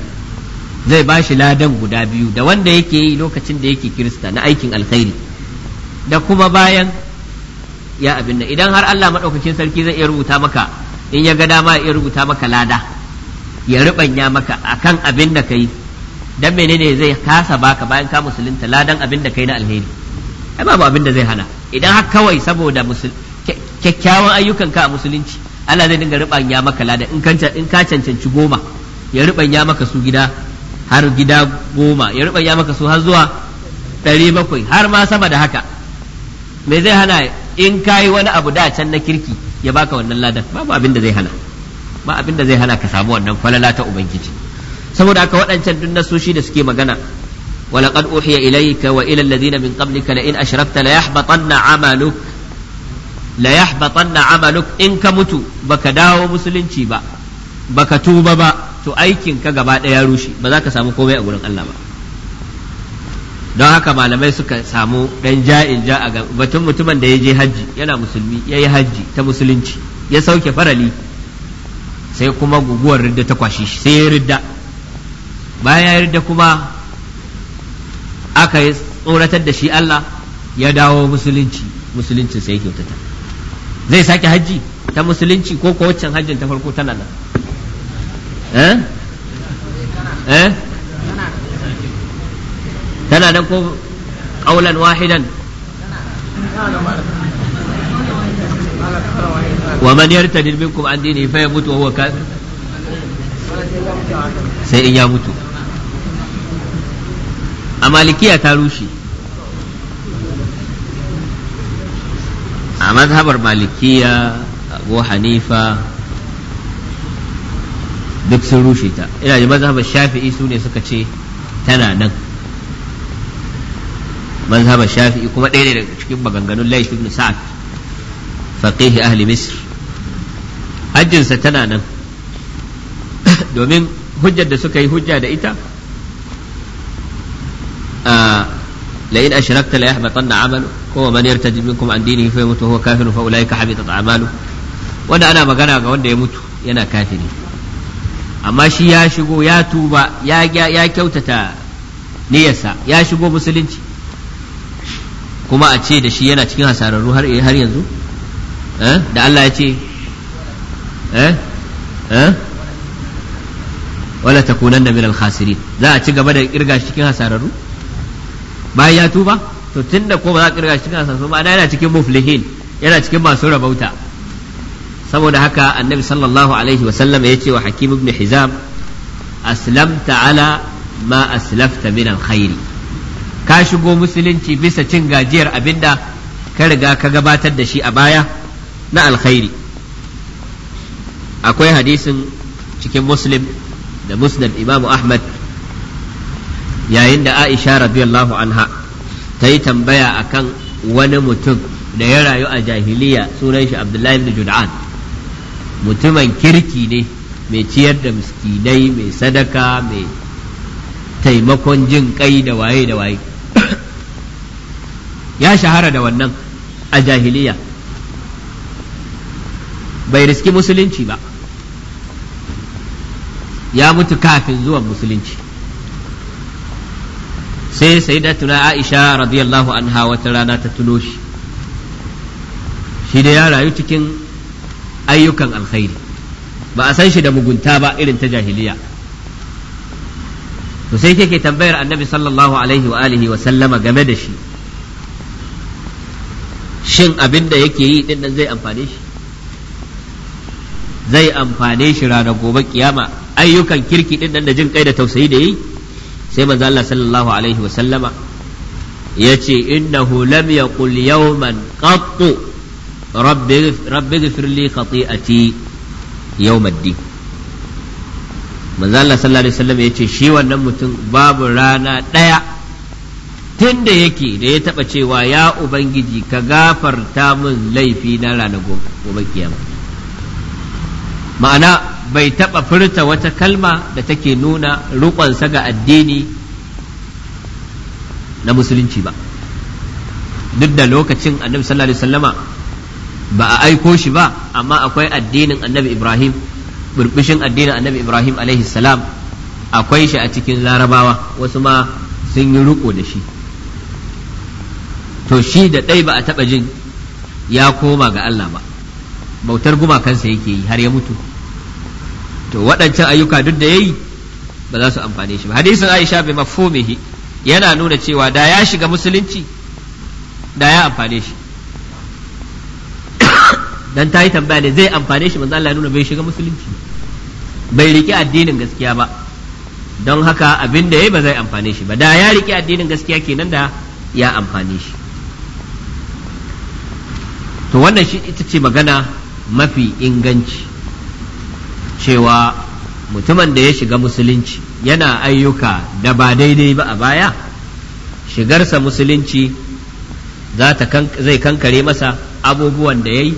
zai ba shi ladan guda biyu da wanda yake yi lokacin da yake kirista na aikin alkhairi da kuma bayan ya abin nan idan har Allah maɗaukakin sarki zai iya rubuta maka in ya ga dama ya iya rubuta maka lada ya ribanya maka akan abin da kai dan menene zai kasa baka bayan ka musulunta ladan abin da kai na alheri ai babu abin da zai hana idan har kawai saboda kyakkyawan ayyukan ka a musulunci Allah zai dinga ribanya maka lada in ka cancanci goma ya ribanya maka su gida har gida goma ya rubanya maka su har zuwa ɗari bakwai har ma sama da haka me zai hana in kayi wani abu da can na kirki ya baka wannan ladan babu abin da zai hana ba abin da zai hana ka samu wannan falala ta ubangiji saboda haka waɗancan duk nasoshi da suke magana ولقد أوحي إليك وإلى الذين من قبلك لئن أشركت ليحبطن عملك ليحبطن عملك إن كمت بك داو مسلم با بك توب با to aikin ka gaba ɗaya ya rushe ba za ka samu komai a gurin Allah ba don haka malamai suka samu ɗan ja'in ja a ga batun mutumin da ya je hajji yana musulmi ya yi hajji ta musulunci ya sauke farali sai kuma guguwar ridda ta kwashe shi sai ya ridda bayan ya ridda kuma aka yi tsoratar da shi Allah ya dawo musulunci musulunci sai ya kyautata zai sake hajji ta musulunci ko ko hajjin ta farko tana nan eh eh tana da ko qaulan wahidan wa man yartadid minkum an dini fa yamut wa huwa sai in ya mutu a malikiya ta rushe a mazhabar malikiya abu hanifa duk sun rushe ta ina da mazhabar shafi'i su ne suka ce tana nan mazhabar shafi'i kuma ɗaya ne daga cikin maganganun laifi ibn sa'ad faqihi ahli misr hajjinsa tana nan domin hujjar da suka yi hujja da ita لئن أشركت kuma عمله ومن يرتد منكم عن دينه فيموت وهو كافر فأولئك wanda ana magana ga wanda ya mutu yana كافرين amma shi ya shigo ya tuba ya kyautata niyyarsa ya shigo musulunci kuma a ce da shi yana cikin hasararru har yanzu eh? da Allah ya ce eh? Eh? wala takunan da minal khasirin za a ci gaba da kirga shi cikin hasararru bayan ya tuba to tun ko ba za a kirga shi cikin hasararru ma'ana yana cikin muflihin yana cikin masu rabauta saboda haka annabi sallallahu alaihi wasallam ya ce wa hakim ibn hizam aslamta ala ma aslafta min alkhairi ka shigo musulunci bisa cin gajiyar abinda ka riga ka gabatar da shi a baya na alkhairi akwai hadisin cikin muslim da musnad imamu ahmad yayin da aisha radiyallahu anha ta yi tambaya akan wani mutum da ya rayu a jahiliya sunan shi abdullahi ibn jud'an mutumin kirki ne mai ciyar da miskinai mai sadaka mai taimakon jin kai da waye da waye ya shahara da wannan a jahiliya bai riski musulunci ba ya mutu kafin zuwan musulunci sai sai da tuna aisha radiyallahu anha wata rana ta tuno shi shi da ya rayu cikin ayyukan alkhairi ba a san shi da mugunta ba irin ta jahiliya to sai ke tambayar annabi sallallahu alaihi wa alihi wa sallama game da shi shin abin da yake yi din nan zai amfane shi zai amfane shi ranar gobe kiyama ayyukan kirki din nan da jin kai da tausayi da yi sai manzo Allah sallallahu alaihi wa sallama yace innahu lam yaqul yawman qattu rabbi gafirli khati'ati yawmaddi manzo Allah sallallahu alaihi wasallam yace shi wannan mutum babu rana daya tunda yake da ya taba cewa ya ubangiji ka gafarta min laifi na rana gobe kiyama ma'ana bai taba furta wata kalma da take nuna rukonsa ga addini na musulunci ba duk da lokacin annabi sallallahu alaihi wasallama ba a aiko shi ba amma akwai addinin annabi ibrahim burbushin addinin annabi ibrahim alaihi salam akwai shi a cikin larabawa wasu ma sun yi riko da shi to shi da ɗai ba a taɓa jin ya koma ga allah ba bautar gumakansa yake yi har ya mutu to waɗancan ayyuka duk da ya yi ba za su amfane shi ba hadisin aisha bai mafomihi yana nuna cewa da ya shiga musulunci da ya amfane shi dan ta yi tambaya ne zai amfane shi manzo Allah ya nuna bai shiga musulunci bai riki addinin gaskiya ba don haka abin da yayi ba zai amfane shi ba da ya riki addinin gaskiya kenan da ya amfane shi to wannan shi ita ce magana mafi inganci cewa mutumin da ya shiga musulunci yana ayyuka da ba daidai ba a baya shigarsa musulunci zai kankare masa abubuwan da ya yi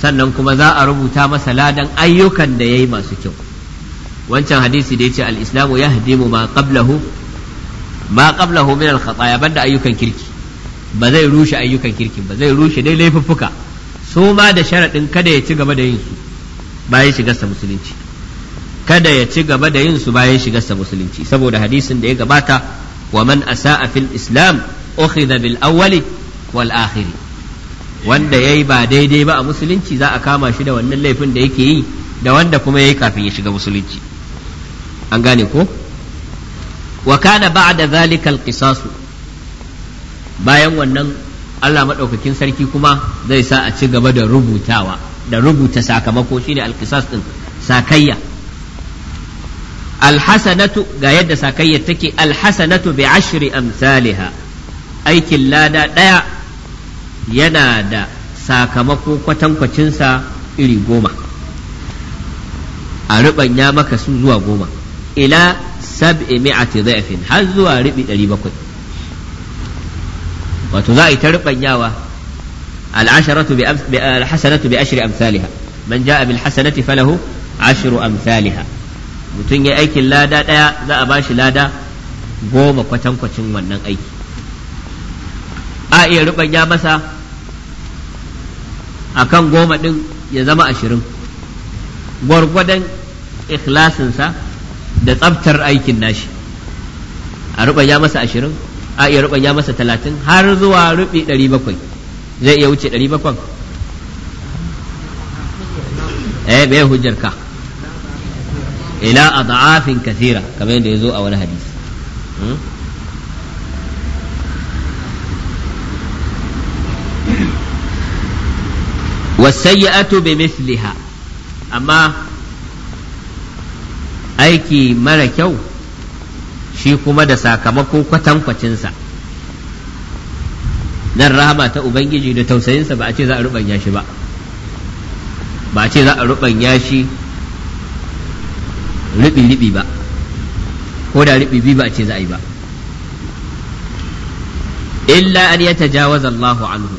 sannan kuma za a rubuta masa ladan ayyukan da ya yi masu kyau wancan hadisi da ya ce al'islamu ya hadimu ma qablahu ma qablahu min al-khataya banda ayyukan kirki ba zai rushe ayyukan kirki ba zai rushe dai laifuffuka su ma da sharaɗin kada ya ci gaba da yin su bayan shigarsa musulunci kada ya ci gaba da yin su bayan shigarsa musulunci saboda hadisin da ya gabata wa man asa'a fil islam ukhidha bil awwali wal akhiri wanda ya yi ba daidai ba a musulunci za a kama shi da wannan laifin da yake yi da wanda kuma ya yi kafin ya shiga musulunci an gane ko wa kana da zalikal kisasu bayan wannan Allah madaukakin sarki kuma zai sa a ci gaba da rubutawa da rubuta sakamako shine alqisas din sakayya alhasanatu ga yadda sakayyar take alhasanatu bi ashri amsalha aikin lada ɗaya. yana da sakamako kwatankwacinsa iri goma a ruɓanya maka su zuwa goma ila sab'i mi'ati dha'fin har zuwa ribi ɗari bakwai wato za a yi ta ruɓanyawa al'asharatu bi alhasanatu bi ashri amsalha man ja'a bil hasanati falahu ashru amsalha mutum ya aikin lada ɗaya za a bashi lada goma kwatankwacin wannan aiki a iya rubanya masa akan goma ɗin ya zama ashirin gwargwadon ikhlasinsa da tsabtar aikin nashi a ya masa ashirin a iya ya masa talatin har zuwa rubi ɗari bakwai zai iya wuce ɗari bakwai eh bai hujjar ka ila a da'afin kathira kamar yadda ya zo a wani hadisi hmm? wasayyatu bi misliha amma aiki mara kyau shi kuma da sakamako kwatankwacinsa nan rahama ta ubangiji da tausayinsa ba a ce za a rubanya shi ba ba a ce za a rubanya shi ribi-ribi ba ko da ribi ba a ce za a yi ba illa an yatajawaza Allahu anhu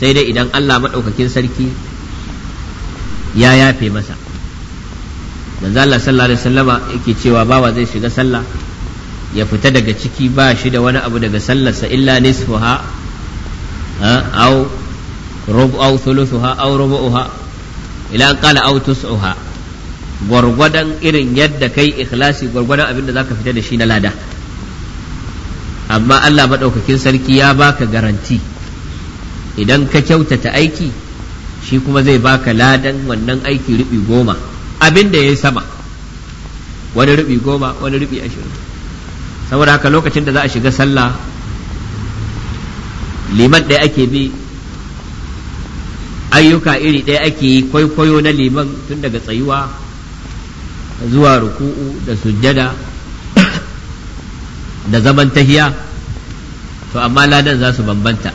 sai dai idan Allah maɗaukakin sarki ya yafe masa manzo Allah sallallahu alaihi wasallama yake cewa bawa zai shiga sallah ya fita daga ciki ba shi da wani abu daga sallarsa illa nisfuha aw rubu aw thuluthuha aw rubu'uha ila an qala aw tus'uha gwargwadon irin yadda kai ikhlasi gwargwadon abin da zaka fita da shi na lada amma Allah maɗaukakin sarki ya baka garanti idan ka kyautata aiki shi kuma zai baka ladan wannan aiki rubi goma abin da ya yi sama wani rubi goma wani rubi ashirin saboda haka lokacin da za a shiga sallah liman ɗaya ake bi ayyuka iri ɗaya ake yi kwaikwayo na liman tun daga tsayuwa zuwa ruku'u da sujjada da zaman tahiya to amma ladan za su bambanta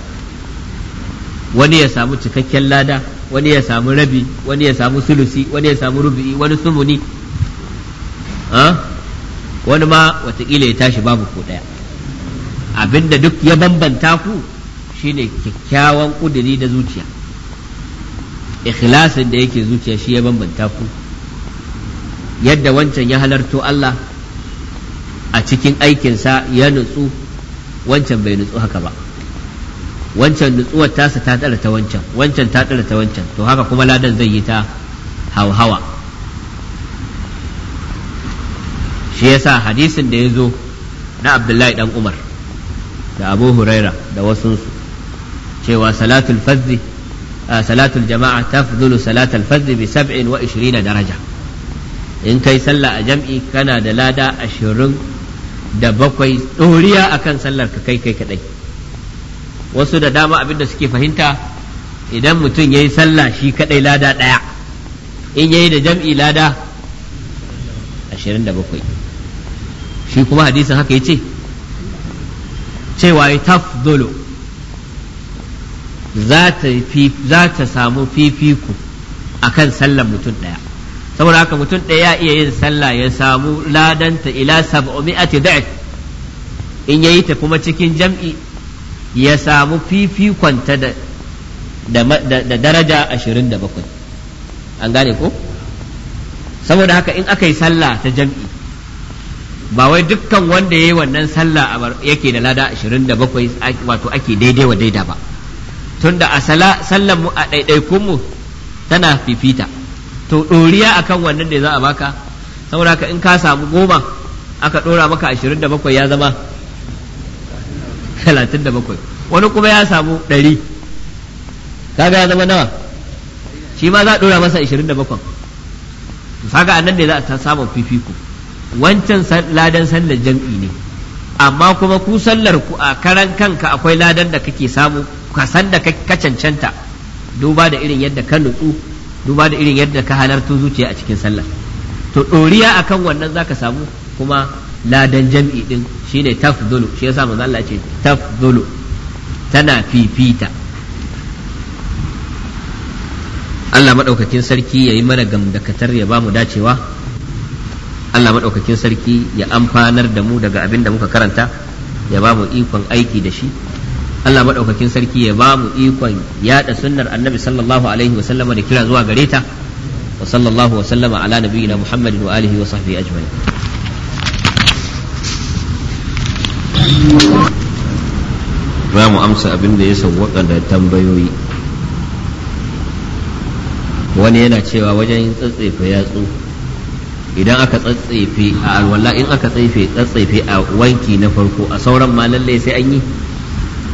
wani ya samu cikakken lada wani ya samu rabi wani ya samu sulusi wani ya samu rubi wani sumuni wani ma watakila ya tashi babu ko ɗaya abinda duk ya bambanta ku shine kyakkyawan kuduri da zuciya ikhlasin da yake zuciya shi ya bambanta ku yadda wancan ya halarto Allah a cikin aikinsa ya nutsu wancan bai nutsu haka ba wancan nutsuwar tasa ta tsara ta wancan wancan ta tsara ta wancan to haka kuma ladan zai yi ta hauhawa shi yasa hadisin da ya zo na abdullahi dan umar da abu huraira da wasunsu cewa salatul fazzi salatul jama'a tafdhulu salatul fazzi bi 27 daraja in kai sallah a jam'i kana da lada ashirin da bakwai ɗoriya akan sallar ka kai kai kaɗai. wasu da dama abin da suke fahimta idan mutum ya yi sallah shi kadai lada ɗaya in ya yi da jam'i lada ashirin da bakwai shi kuma hadisin haka ya ce cewa ya tafdolo za ta samu fifiku a kan sallar mutum ɗaya saboda haka mutum ɗaya ya iya yin sallah ya samu ladanta ila 700 da'if in yi ta kuma cikin jam'i ya samu fifikonta da da daraja ashirin da bakwai an gane ko saboda haka in aka yi sallah ta jam'i ba wai dukkan wanda ya yi wannan sallah yake da lada ashirin da bakwai wato ake daidai wa daida ba tunda a sallan mu a ɗaiɗaikunmu tana fifita to ɗoriya akan wannan da za a baka saboda haka in ka samu goma aka ɗora maka ashirin da bakwai ya zama talatin da bakwai wani kuma ya samu ɗari kaga ya zama nawa shi ma za a ɗora masa ashirin da bakwai to kaga a nan ne za a samu fifiko wancan ladan sallar jam'i ne amma kuma ku sallar ku a karan kanka akwai ladan da kake samu ka san da ka cancanta duba da irin yadda ka nutsu duba da irin yadda ka halarta zuciya a cikin sallar to ɗoriya akan wannan zaka samu kuma ladan jam'i din shine tafdhulu shi yasa manzo Allah ce tafdhulu tana fifita Allah maɗaukakin sarki ya yi mana gamdakatar ya bamu dacewa Allah maɗaukakin sarki ya amfanar da mu daga abin da muka karanta ya bamu ikon aiki da shi Allah maɗaukakin sarki ya ba mu ikon yaɗa sunnar annabi sallallahu alaihi wasallama da kira zuwa gare ta wa sallallahu wasallama ala nabiyyina muhammadin wa alihi wa sahbihi ajma'in za mu amsa abin da ya sauwaka da tambayoyi wani yana cewa wajen tsatsefe yatsu idan aka tsatsefe a alwala in aka tsaife tsatsefe a wanki na farko a sauran ma lallai sai an yi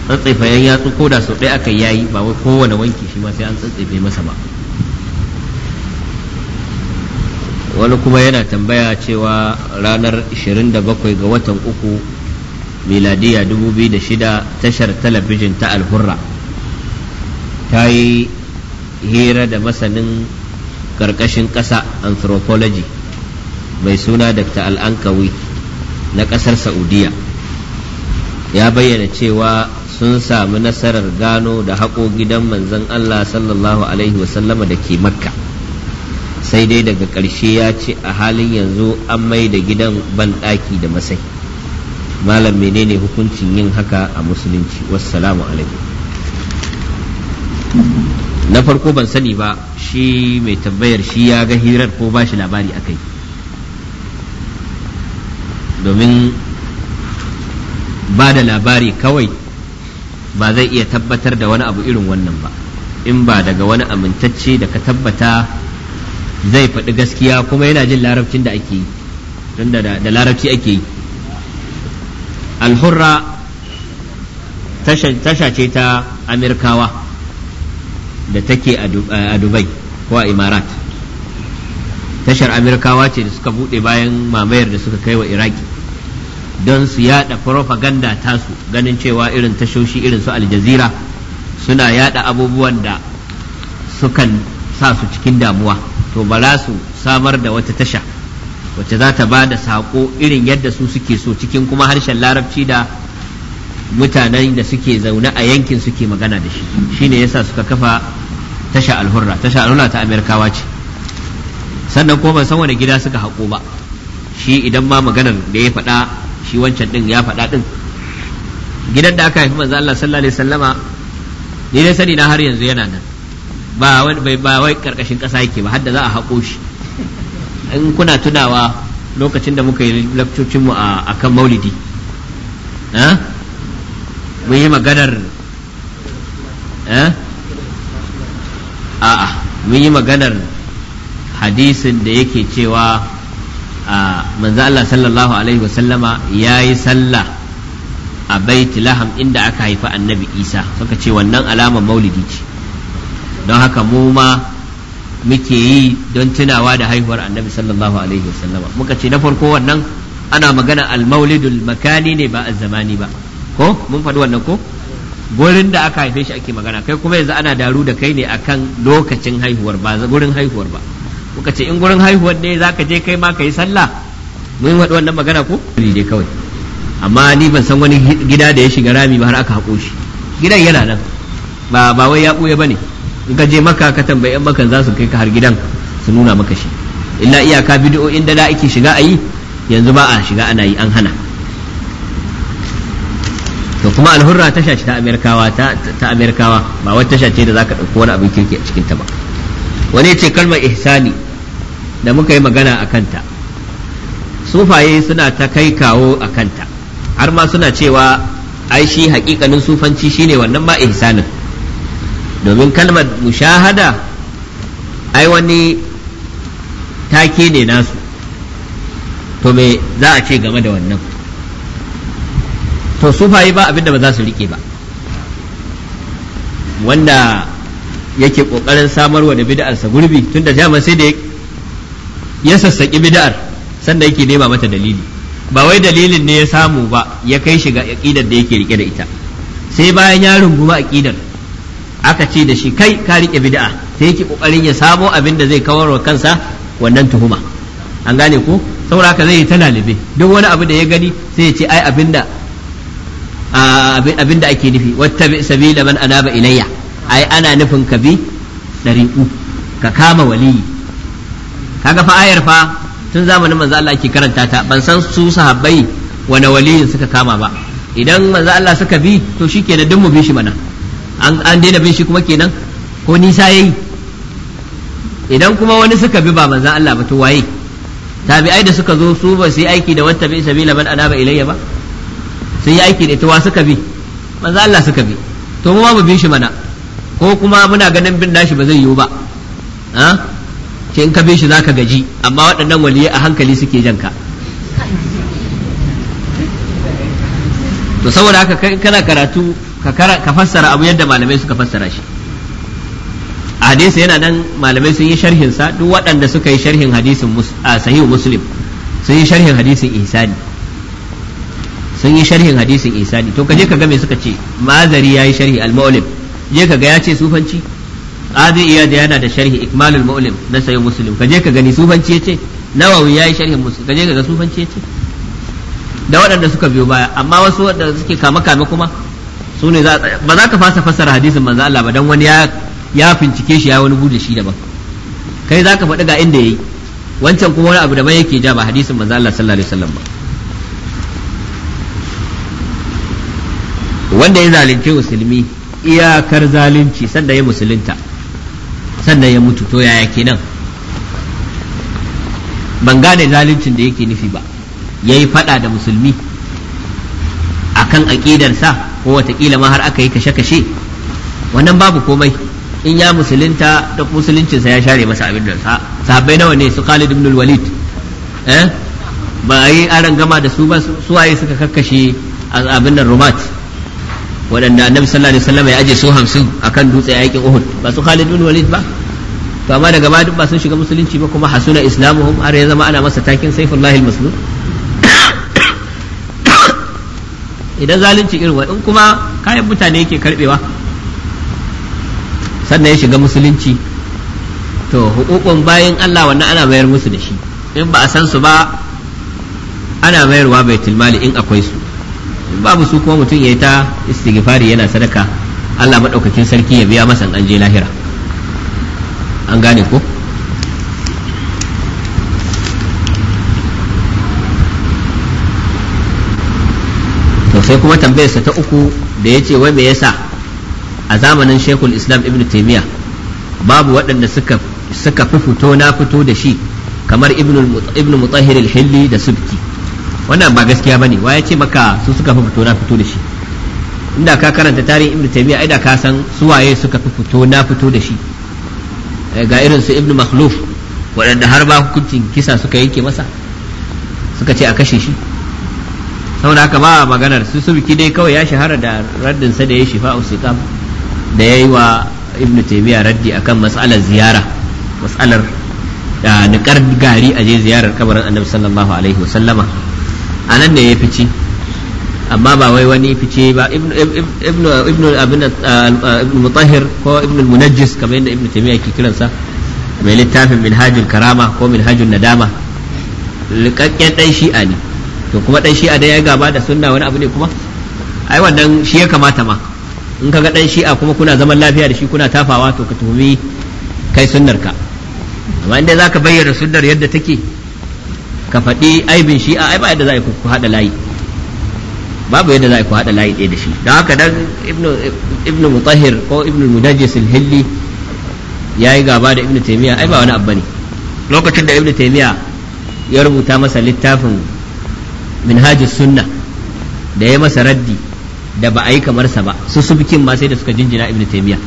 tsatsefe yan yatsu ko da sau ɗaya aka yayi ba wai kowane wanki shi ma sai an tsatsefe masa ba wani kuma yana tambaya cewa ranar 27 ga watan uku miladiya 2006 tashar talabijin ta alhurra ta yi hira da masanin ƙarƙashin ƙasa anthropology mai suna dr al'ankawi na ƙasar saudiya ya bayyana cewa sun sami nasarar gano da haƙo gidan manzon allah sallallahu alaihi wasallama da ke makka sai dai daga ƙarshe ya ce a halin yanzu an mai da gidan banɗaki da masai malam menene hukuncin yin haka a musulunci wassalamu alaikum na farko ban sani ba shi mai tambayar shi ya ga hirar ko ba shi labari akai domin ba da labari kawai ba zai iya tabbatar da wani abu irin wannan ba in ba daga wani amintacce da ka tabbata zai faɗi gaskiya kuma yana jin larabcin da ake yi da larabci ake yi alhurra tasha ce ta amirkawa da take a dubai ko a imarat tashar amirkawa ce da suka bude bayan mamayar da suka kai wa iraki don su yada propaganda tasu ganin cewa irin tashoshi irin su aljazira suna yada abubuwan da sukan sa su cikin damuwa to ba za su samar da wata tasha wacce za ta ba da saƙo irin yadda su suke so cikin kuma harshen larabci da mutanen da suke zaune a yankin suke magana da shi shine yasa suka kafa tasha alhurra tasha alhurra ta amerikawa ce sannan kuma ban san wani gida suka haƙo ba shi idan ma maganar da ya faɗa shi wancan ɗin ya faɗa ɗin gidan da aka haifi manzo Allah sallallahu alaihi wasallama ni dai sani na har yanzu yana nan ba wai ba wai karkashin ƙasa yake ba har da za a haƙo shi in kuna tunawa lokacin da muka yi lakcocinmu a kan maulidi mun yi maganar a'a mun yi maganar hadisin da yake cewa a manzo Allah sallallahu alaihi wasallama ya yi sallah a baiti laham inda aka haifa annabi isa suka ce wannan alamar maulidi ce don haka mu ma muke yi don tunawa da haihuwar annabi sallallahu alaihi wasallama muka ce na farko wannan ana magana almaulidul makani ne ba a zamani ba ko mun faɗi wannan ko gurin da aka haife shi ake magana kai kuma yanzu ana daru da kai ne akan lokacin haihuwar ba gurin haihuwar ba muka ce in gurin haihuwar ne zaka je kai ma ka yi sallah mun faɗi wannan magana ko dai kawai amma ni ban san wani gida da ya shiga rami ba har aka haƙo shi gidan yana nan ba ba wai ya ɓuya ba ne in ka je maka ka tambayi yan makan za su kai ka har gidan su nuna maka shi illa iyaka bid'o'in da da ake shiga ayi yanzu ba a shiga ana yi an hana to kuma alhurra tasha ce ta amerikawa ta amerikawa ba wata tasha da zaka dauko wani abin kirki a cikin ta ba wani ce kalmar ihsani da muka yi magana a kanta sufaye suna ta kai kawo a kanta har ma suna cewa ai shi hakikanin sufanci shine wannan ma ihsanin domin kalmar mushahada ai wani take ne nasu to me za a ce game da wannan to sufaye ba abinda ba za su rike ba wanda yake kokarin samarwa da bid'arsa gurbi tunda jama sai da ya sassaƙi bid'ar sannan yake nema mata dalili ba wai dalilin ne ya samu ba ya kai shi ga aqidar da yake rike da ita sai bayan ya runguma aqidar aka ce da shi kai ka rike bid'a sai yake kokarin ya sabo abin da zai kawar wa kansa wannan tuhuma an gane ku, saboda haka zai yi ta lalibe duk wani abu da ya gani sai ya ce ai abinda abinda ake nufi bi sabila man anaba ilayya ai ana nufin ka bi dariku ka kama waliyi kaga fa ayar fa tun zamanin manzo Allah ake karanta ta ban san su sahabbai wani waliyin suka kama ba idan manzo Allah suka bi to shikenan duk mu bi shi mana an daina bin shi kuma kenan ko nisa yayi idan kuma wani suka bi ba manzan Allah ba to waye tabi'ai da suka zo su ba su yi aiki da wata bi sabila man anaba ilayya ba sun yi aiki da ita wa suka bi manzan Allah suka bi to mu ma mu bin shi mana ko kuma muna ganin bin nashi ba zai yiwu ba ha ce in ka bin shi zaka gaji amma waɗannan waliyi a hankali suke jan ka to saboda haka kana karatu ka fassara abu yadda malamai suka fassara shi a hadisi yana nan malamai sun yi sharhin sa duk waɗanda suka yi sharhin hadisin sahihu muslim sun yi sharhin hadisin ihsani sun yi sharhin hadisin ihsani to kaje ka ga me suka ce mazari yi sharhi al-mu'lim je ka ga ya ce sufanci qadi iyad yana da sharhi ikmalul mu'lim na sahihu muslim kaje ka gani sufanci yace nawawi yi sharhin muslim kaje ka ga sufanci yace da waɗanda suka biyo baya amma wasu waɗanda suke kama kame kuma su ne ba za ka fasa fasara hadisin manzo Allah ba dan wani ya ya fincike shi ya wani bude shi daban kai za ka faɗi ga inda yayi wancan kuma wani abu daban yake ja ba hadisin manzo Allah sallallahu alaihi wasallam ba wanda ya zalunce musulmi iyakar zalunci sanda ya musulunta sanda ya mutu to yaya kenan ban gane zaluncin da yake nufi ba ya yi fada da musulmi akan sa ko watakila ma har aka yi kashe-kashe wannan babu komai in ya musulunta da musuluncinsa ya share masa abin da sahabbai nawa ne su Khalid ibn walid eh ba a yi aran gama da su ba su? waye suka kakkashe abin nan rumat waɗanda annabi sallallahu alaihi wasallam ya aje su hamsin akan dutse a yakin uhud ba su Khalid ibn walid ba to amma daga ba duk ba sun shiga musulunci ba kuma hasuna islamuhum har ya zama ana masa takin saifullahi al-muslim idan zalunci irin wa in kuma kayan mutane yake karbewa sannan ya shiga musulunci to hukukun bayan Allah wannan ana mayar musu da shi in ba a san su ba ana mayarwa bai tilmali in akwai su in babu su kuma mutum ya yi ta istighfari yana sadaka Allah madaukakin sarki ya biya masa an je lahira an gane ko sai kuma tambayarsa ta uku da ya ce wai me yasa a zamanin shekul islam ibn taimiyya babu waɗanda suka suka fi fito na fito da shi kamar ibn mutahir al-hilli da subki wannan ba gaskiya bane wa ya ce maka su suka fi fito na fito da shi inda ka karanta tarihin ibn taymiya ai da ka san su waye suka fi fito na fito da shi eh, ga irin su ibn makhluf waɗanda har ba hukuncin kisa suka yanke masa suka ce a kashe shi saboda haka ba maganar su subki dai kawai ya shahara da raddin sa da ya shifa usikam da ya yi wa ibn taymiya raddi akan matsalar ziyara matsalar da niƙar gari a je ziyarar kabarin annabi sallallahu alaihi wasallama a nan ne ya fice. amma ba wai wani fice ba ibn uh, mutahir ko ibn munajjis kamar yadda ibn taymiya ke kiransa mai littafin minhajul karama ko minhajul nadama likakken dan shi'a ne to kuma dan shi'a da ya gaba da sunna wani abu ne kuma ai wannan shi ya kamata ma in kaga dan shi'a kuma kuna zaman lafiya da shi kuna tafawa to ka tuhumi kai sunnar ka amma inda zaka bayyana sunnar yadda take ka faɗi aibin shi'a ai ba yadda za a yi ku haɗa layi babu yadda za a yi ku haɗa layi ɗaya da shi don haka dan ibnu mutahhir ko ibnu mudajjis al-hilli yayi gaba da ibnu taymiya ai ba wani abu bane lokacin da ibnu taymiya ya rubuta masa littafin minhajus sunna da ya masa raddi da ba a yi kamar sa ba su bikin ma sai da suka jinjina ibnu taymiya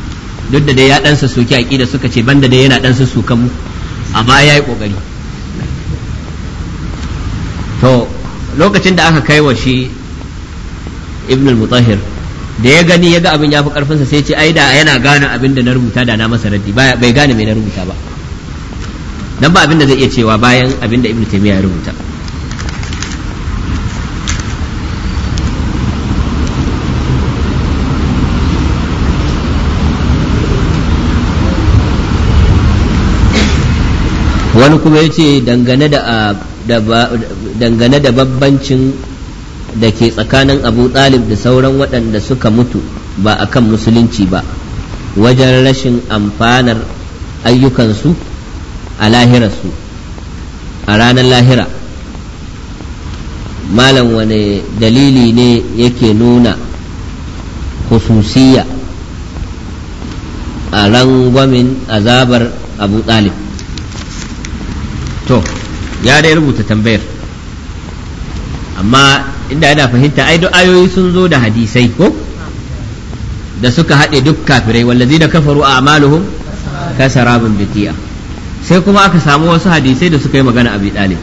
duk da dai ya dan soki aqida suka ce banda dai yana dan a mu amma yayi kokari to lokacin da aka kai wa shi ibn al-mutahhir da ya gani ya ga abin ya fi sa sai ce ai da yana gane abin da na rubuta da na masa raddi bai gane mai na rubuta ba dan ba abin da zai iya cewa bayan abin da ibn taymiya ya rubuta wani kuma ya ce dangane da babbancin da ke tsakanin abu ɗalib da sauran waɗanda suka mutu ba a kan musulunci ba wajen rashin amfanar ayyukansu a lahirarsu a ranar lahira malam wani dalili ne yake nuna hususiya a rangwamin azabar abu ɗalib to ya dai rubuta tambayar amma inda yana fahimta ai duk ayoyi sun zo da hadisai ko da suka haɗe duk kafirai wallazi da kafaru a amaluhum kasarabin bitiya sai kuma aka samu wasu hadisai da suka yi magana abu ɗalib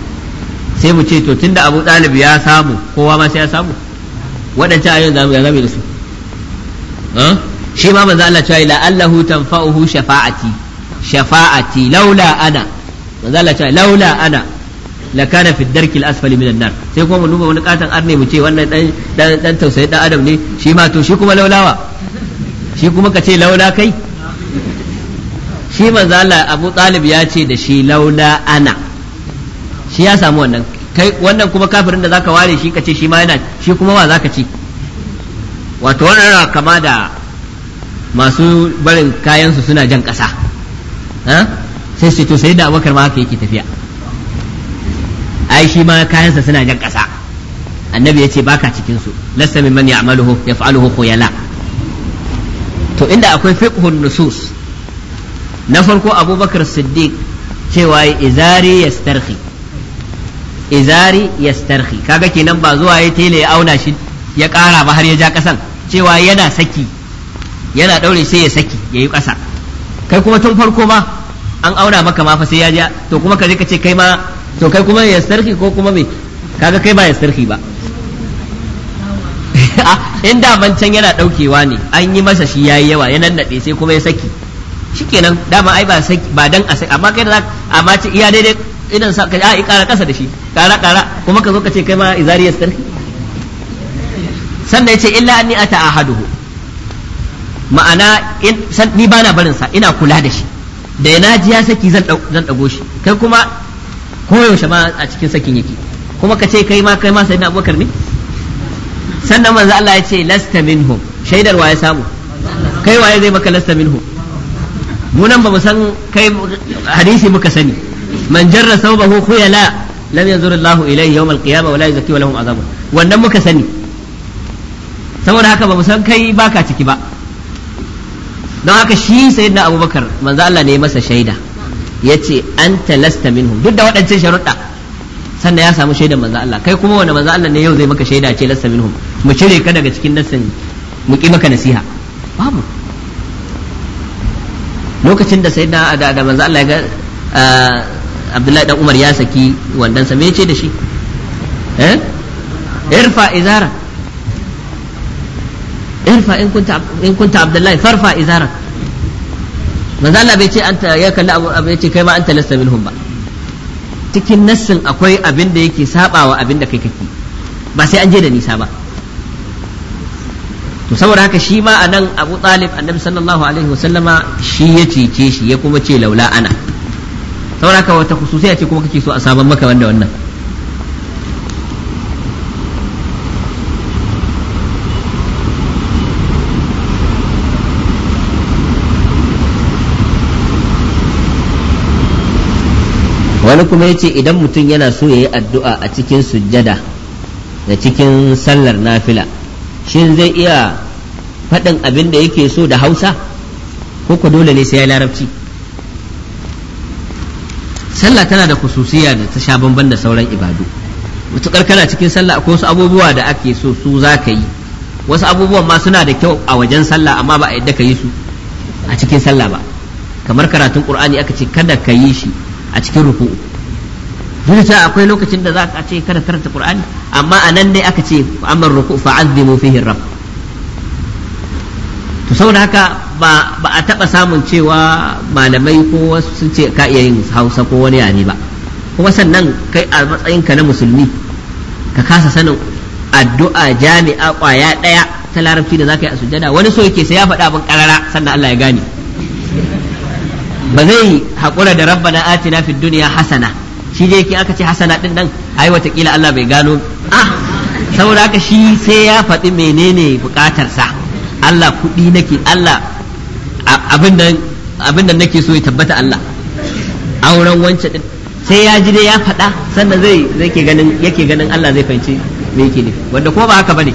sai mu ce to tunda abu ɗalib ya samu kowa ma sai ya samu waɗancan ayoyin zamu ya zame da su shi ma manzo Allah cewa la allahu tanfa'uhu shafa'ati shafa'ati laula ana manzo Allah ce laula ana la kana fi darki asfali an nar sai kuma mu duba wani katan arne mu ce wannan dan dan dan tausayi dan adam ne shi ma to shi kuma laulawa shi kuma ka ce laula kai shi manzo Allah Abu Talib ya ce da shi laula ana shi ya samu wannan kai wannan kuma kafirin da zaka ware shi ka ce shi ma yana shi kuma wa zaka ci wato wannan kama da masu barin kayansu suna jan ƙasa sai su to sai da abubakar ma haka yake tafiya ai shi ma kayansa suna jan ƙasa annabi ya ce baka cikin su lasta min man ya'maluhu yaf'aluhu khuyala to inda akwai fiqhun nusus na farko abubakar siddiq cewa izari yastarhi izari yastarhi kaga kenan ba zuwa ya tele ya auna shi ya kara ba har ya ja ƙasan cewa yana saki yana ɗaure sai ya saki ya yi kai kuma tun farko ma an auna maka ma fa sai ya ja to kuma ka je ka ce kai ma to kai kuma ya sarki ko kuma me kaga kai ba ya sarki ba ah, in daman can yana daukewa ne an yi masa shi yayi yawa ya nannade sai kuma ya saki shikenan dama ai ba saki ba dan a saki amma kai da amma ce iya daidai idan sa ka a kara kasa da shi kara kara kuma ka zo ka ce kai ma izari ya sarki sannan ya ce illa anni ata ahaduhu ma'ana ni bana barin sa ina kula da shi da na ji ya saki zan dago shi kai kuma koyaushe ma a cikin sakin yake kuma ka ce kai ma kai ma sayyidina abubakar ne sannan manzo Allah ya ce lasta minhum shaidar waye samu kai waye zai maka lasta minhum mu nan mu san kai hadisi muka sani man jarra sawbahu khuyala lam yanzur Allah ilayhi yawm al qiyama wa la yuzakki wa lahum azabun wannan muka sani saboda haka ba mu san kai baka ciki ba don haka shi sayyidina abubakar manzo Allah ne masa shaida ya yace an lasta minhum duk da waɗancan sharuɗa sannan ya samu shaidan manzo Allah kai kuma wanda manzo Allah ne yau zai maka shaida ce lasta minhum mu cire ka daga cikin nassin mu ki maka nasiha babu lokacin da sayyidina da da manzo Allah ya ga Abdullahi dan Umar ya saki wandansa sa me ce da shi eh irfa izara irfa in kunta in kunta abdullahi farfa izarak manzo Allah bai ce anta ya kalli abu ya ce kai ma anta lasta minhum ba cikin nassin akwai abin da yake sabawa abin da kai kake ba sai an je da nisa ba to saboda haka shi ma anan Abu Talib annabi sallallahu alaihi wasallama shi ya cece shi ya kuma ce laula ana saboda haka wata khususiya ce kuma kake so a saban maka wanda wannan wani kuma ya ce idan mutum yana so ya yi addu'a a cikin sujjada da cikin sallar nafila shin zai iya faɗin abin da yake so da hausa ko ko dole ne sai ya larabci sallah tana da kususiya da ta sha bamban da sauran ibadu matuƙar kana cikin sallah ko wasu abubuwa da ake so su za ka yi wasu abubuwan ma suna da kyau a wajen sallah amma ba a yadda ka yi su a cikin sallah ba kamar karatun ƙur'ani aka ce kada ka yi shi a cikin ruku'u duk da akwai lokacin da za ka ce kada karanta qur'ani amma a nan dai aka ce amma ruku fa'azzimu fihi rabb to saboda haka ba ba a taba samun cewa malamai ko wasu sun ce ka iya yin Hausa ko wani yare ba kuma sannan kai a matsayinka na musulmi ka kasa sanin addu'a jami'a kwaya daya ta larabci da zaka yi a sujada wani so yake sai ya faɗa abin ƙarara sannan Allah ya gane ba zai haƙura da rabba na atina fi duniya hasana shi dai yake aka ce hasana ɗin nan ai watakila Allah bai gano ah saboda haka shi sai ya faɗi menene buƙatarsa Allah kuɗi nake Allah abin da nake so ya tabbata Allah auren wance ɗin sai ya ji dai ya faɗa sannan zai yake ganin yake ganin Allah zai fahimci me yake ne wanda ko ba haka bane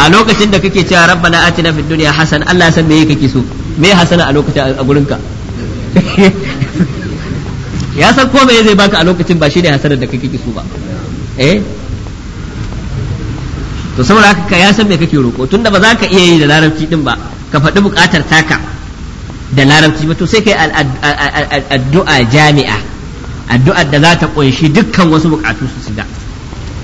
a lokacin da kake cewa rabbana atina fid duniya hasan Allah ya san me kake so me hasana a lokacin a gurinka ka ya san ko mai zai baka a lokacin ba shine hasarar da kake kisu ba eh to saboda haka ya san me kake roko tunda ba za ka iya yi da larabci din ba ka faɗi buƙatar taka da larabci ba to sai kai addu'a jami'a addu'ar da za ta ƙunshi dukkan wasu buƙatu su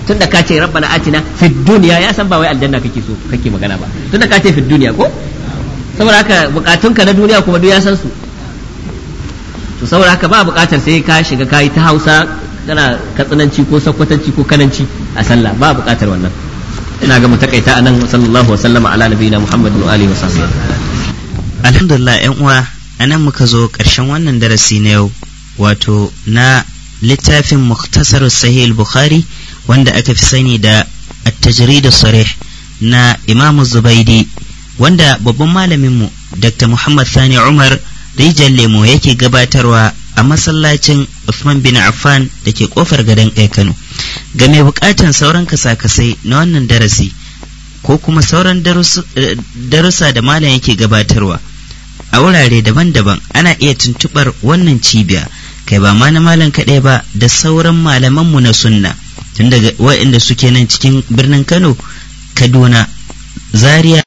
Tun tunda ka ce rabbana atina fi duniya ya san ba wai aljanna kake so kake magana ba tunda ka ce fi duniya ko saboda haka buƙatunka na duniya kuma duk ya san su to saboda haka ba buƙatar sai ka shiga kayi ta hausa kana katsananci ko sakwatanci ko kananci a sallah ba buƙatar wannan ina ga mu takaita anan sallallahu wasallama ala nabiyina muhammadin wa alihi wa sahbihi alhamdulillah yan uwa anan muka zo ƙarshen wannan darasi na yau wato na littafin muktasar sahih bukhari wanda aka fi sani da at-tajrid sarih na imam zubaidi wanda babban malaminmu dr muhammad sani umar Rijal Lemo yake gabatarwa a masallacin Usman bin Affan da ke kofar gadon kai Kano. Ga mai bukatan sauran kasakasai na wannan darasi ko kuma sauran darussa da malam yake gabatarwa a wurare daban-daban ana iya tuntubar wannan cibiya kai ba ma na malam kaɗai ba da sauran malamanmu na sunna tun daga waɗanda suke nan cikin birnin Kano, Kaduna, Zaria.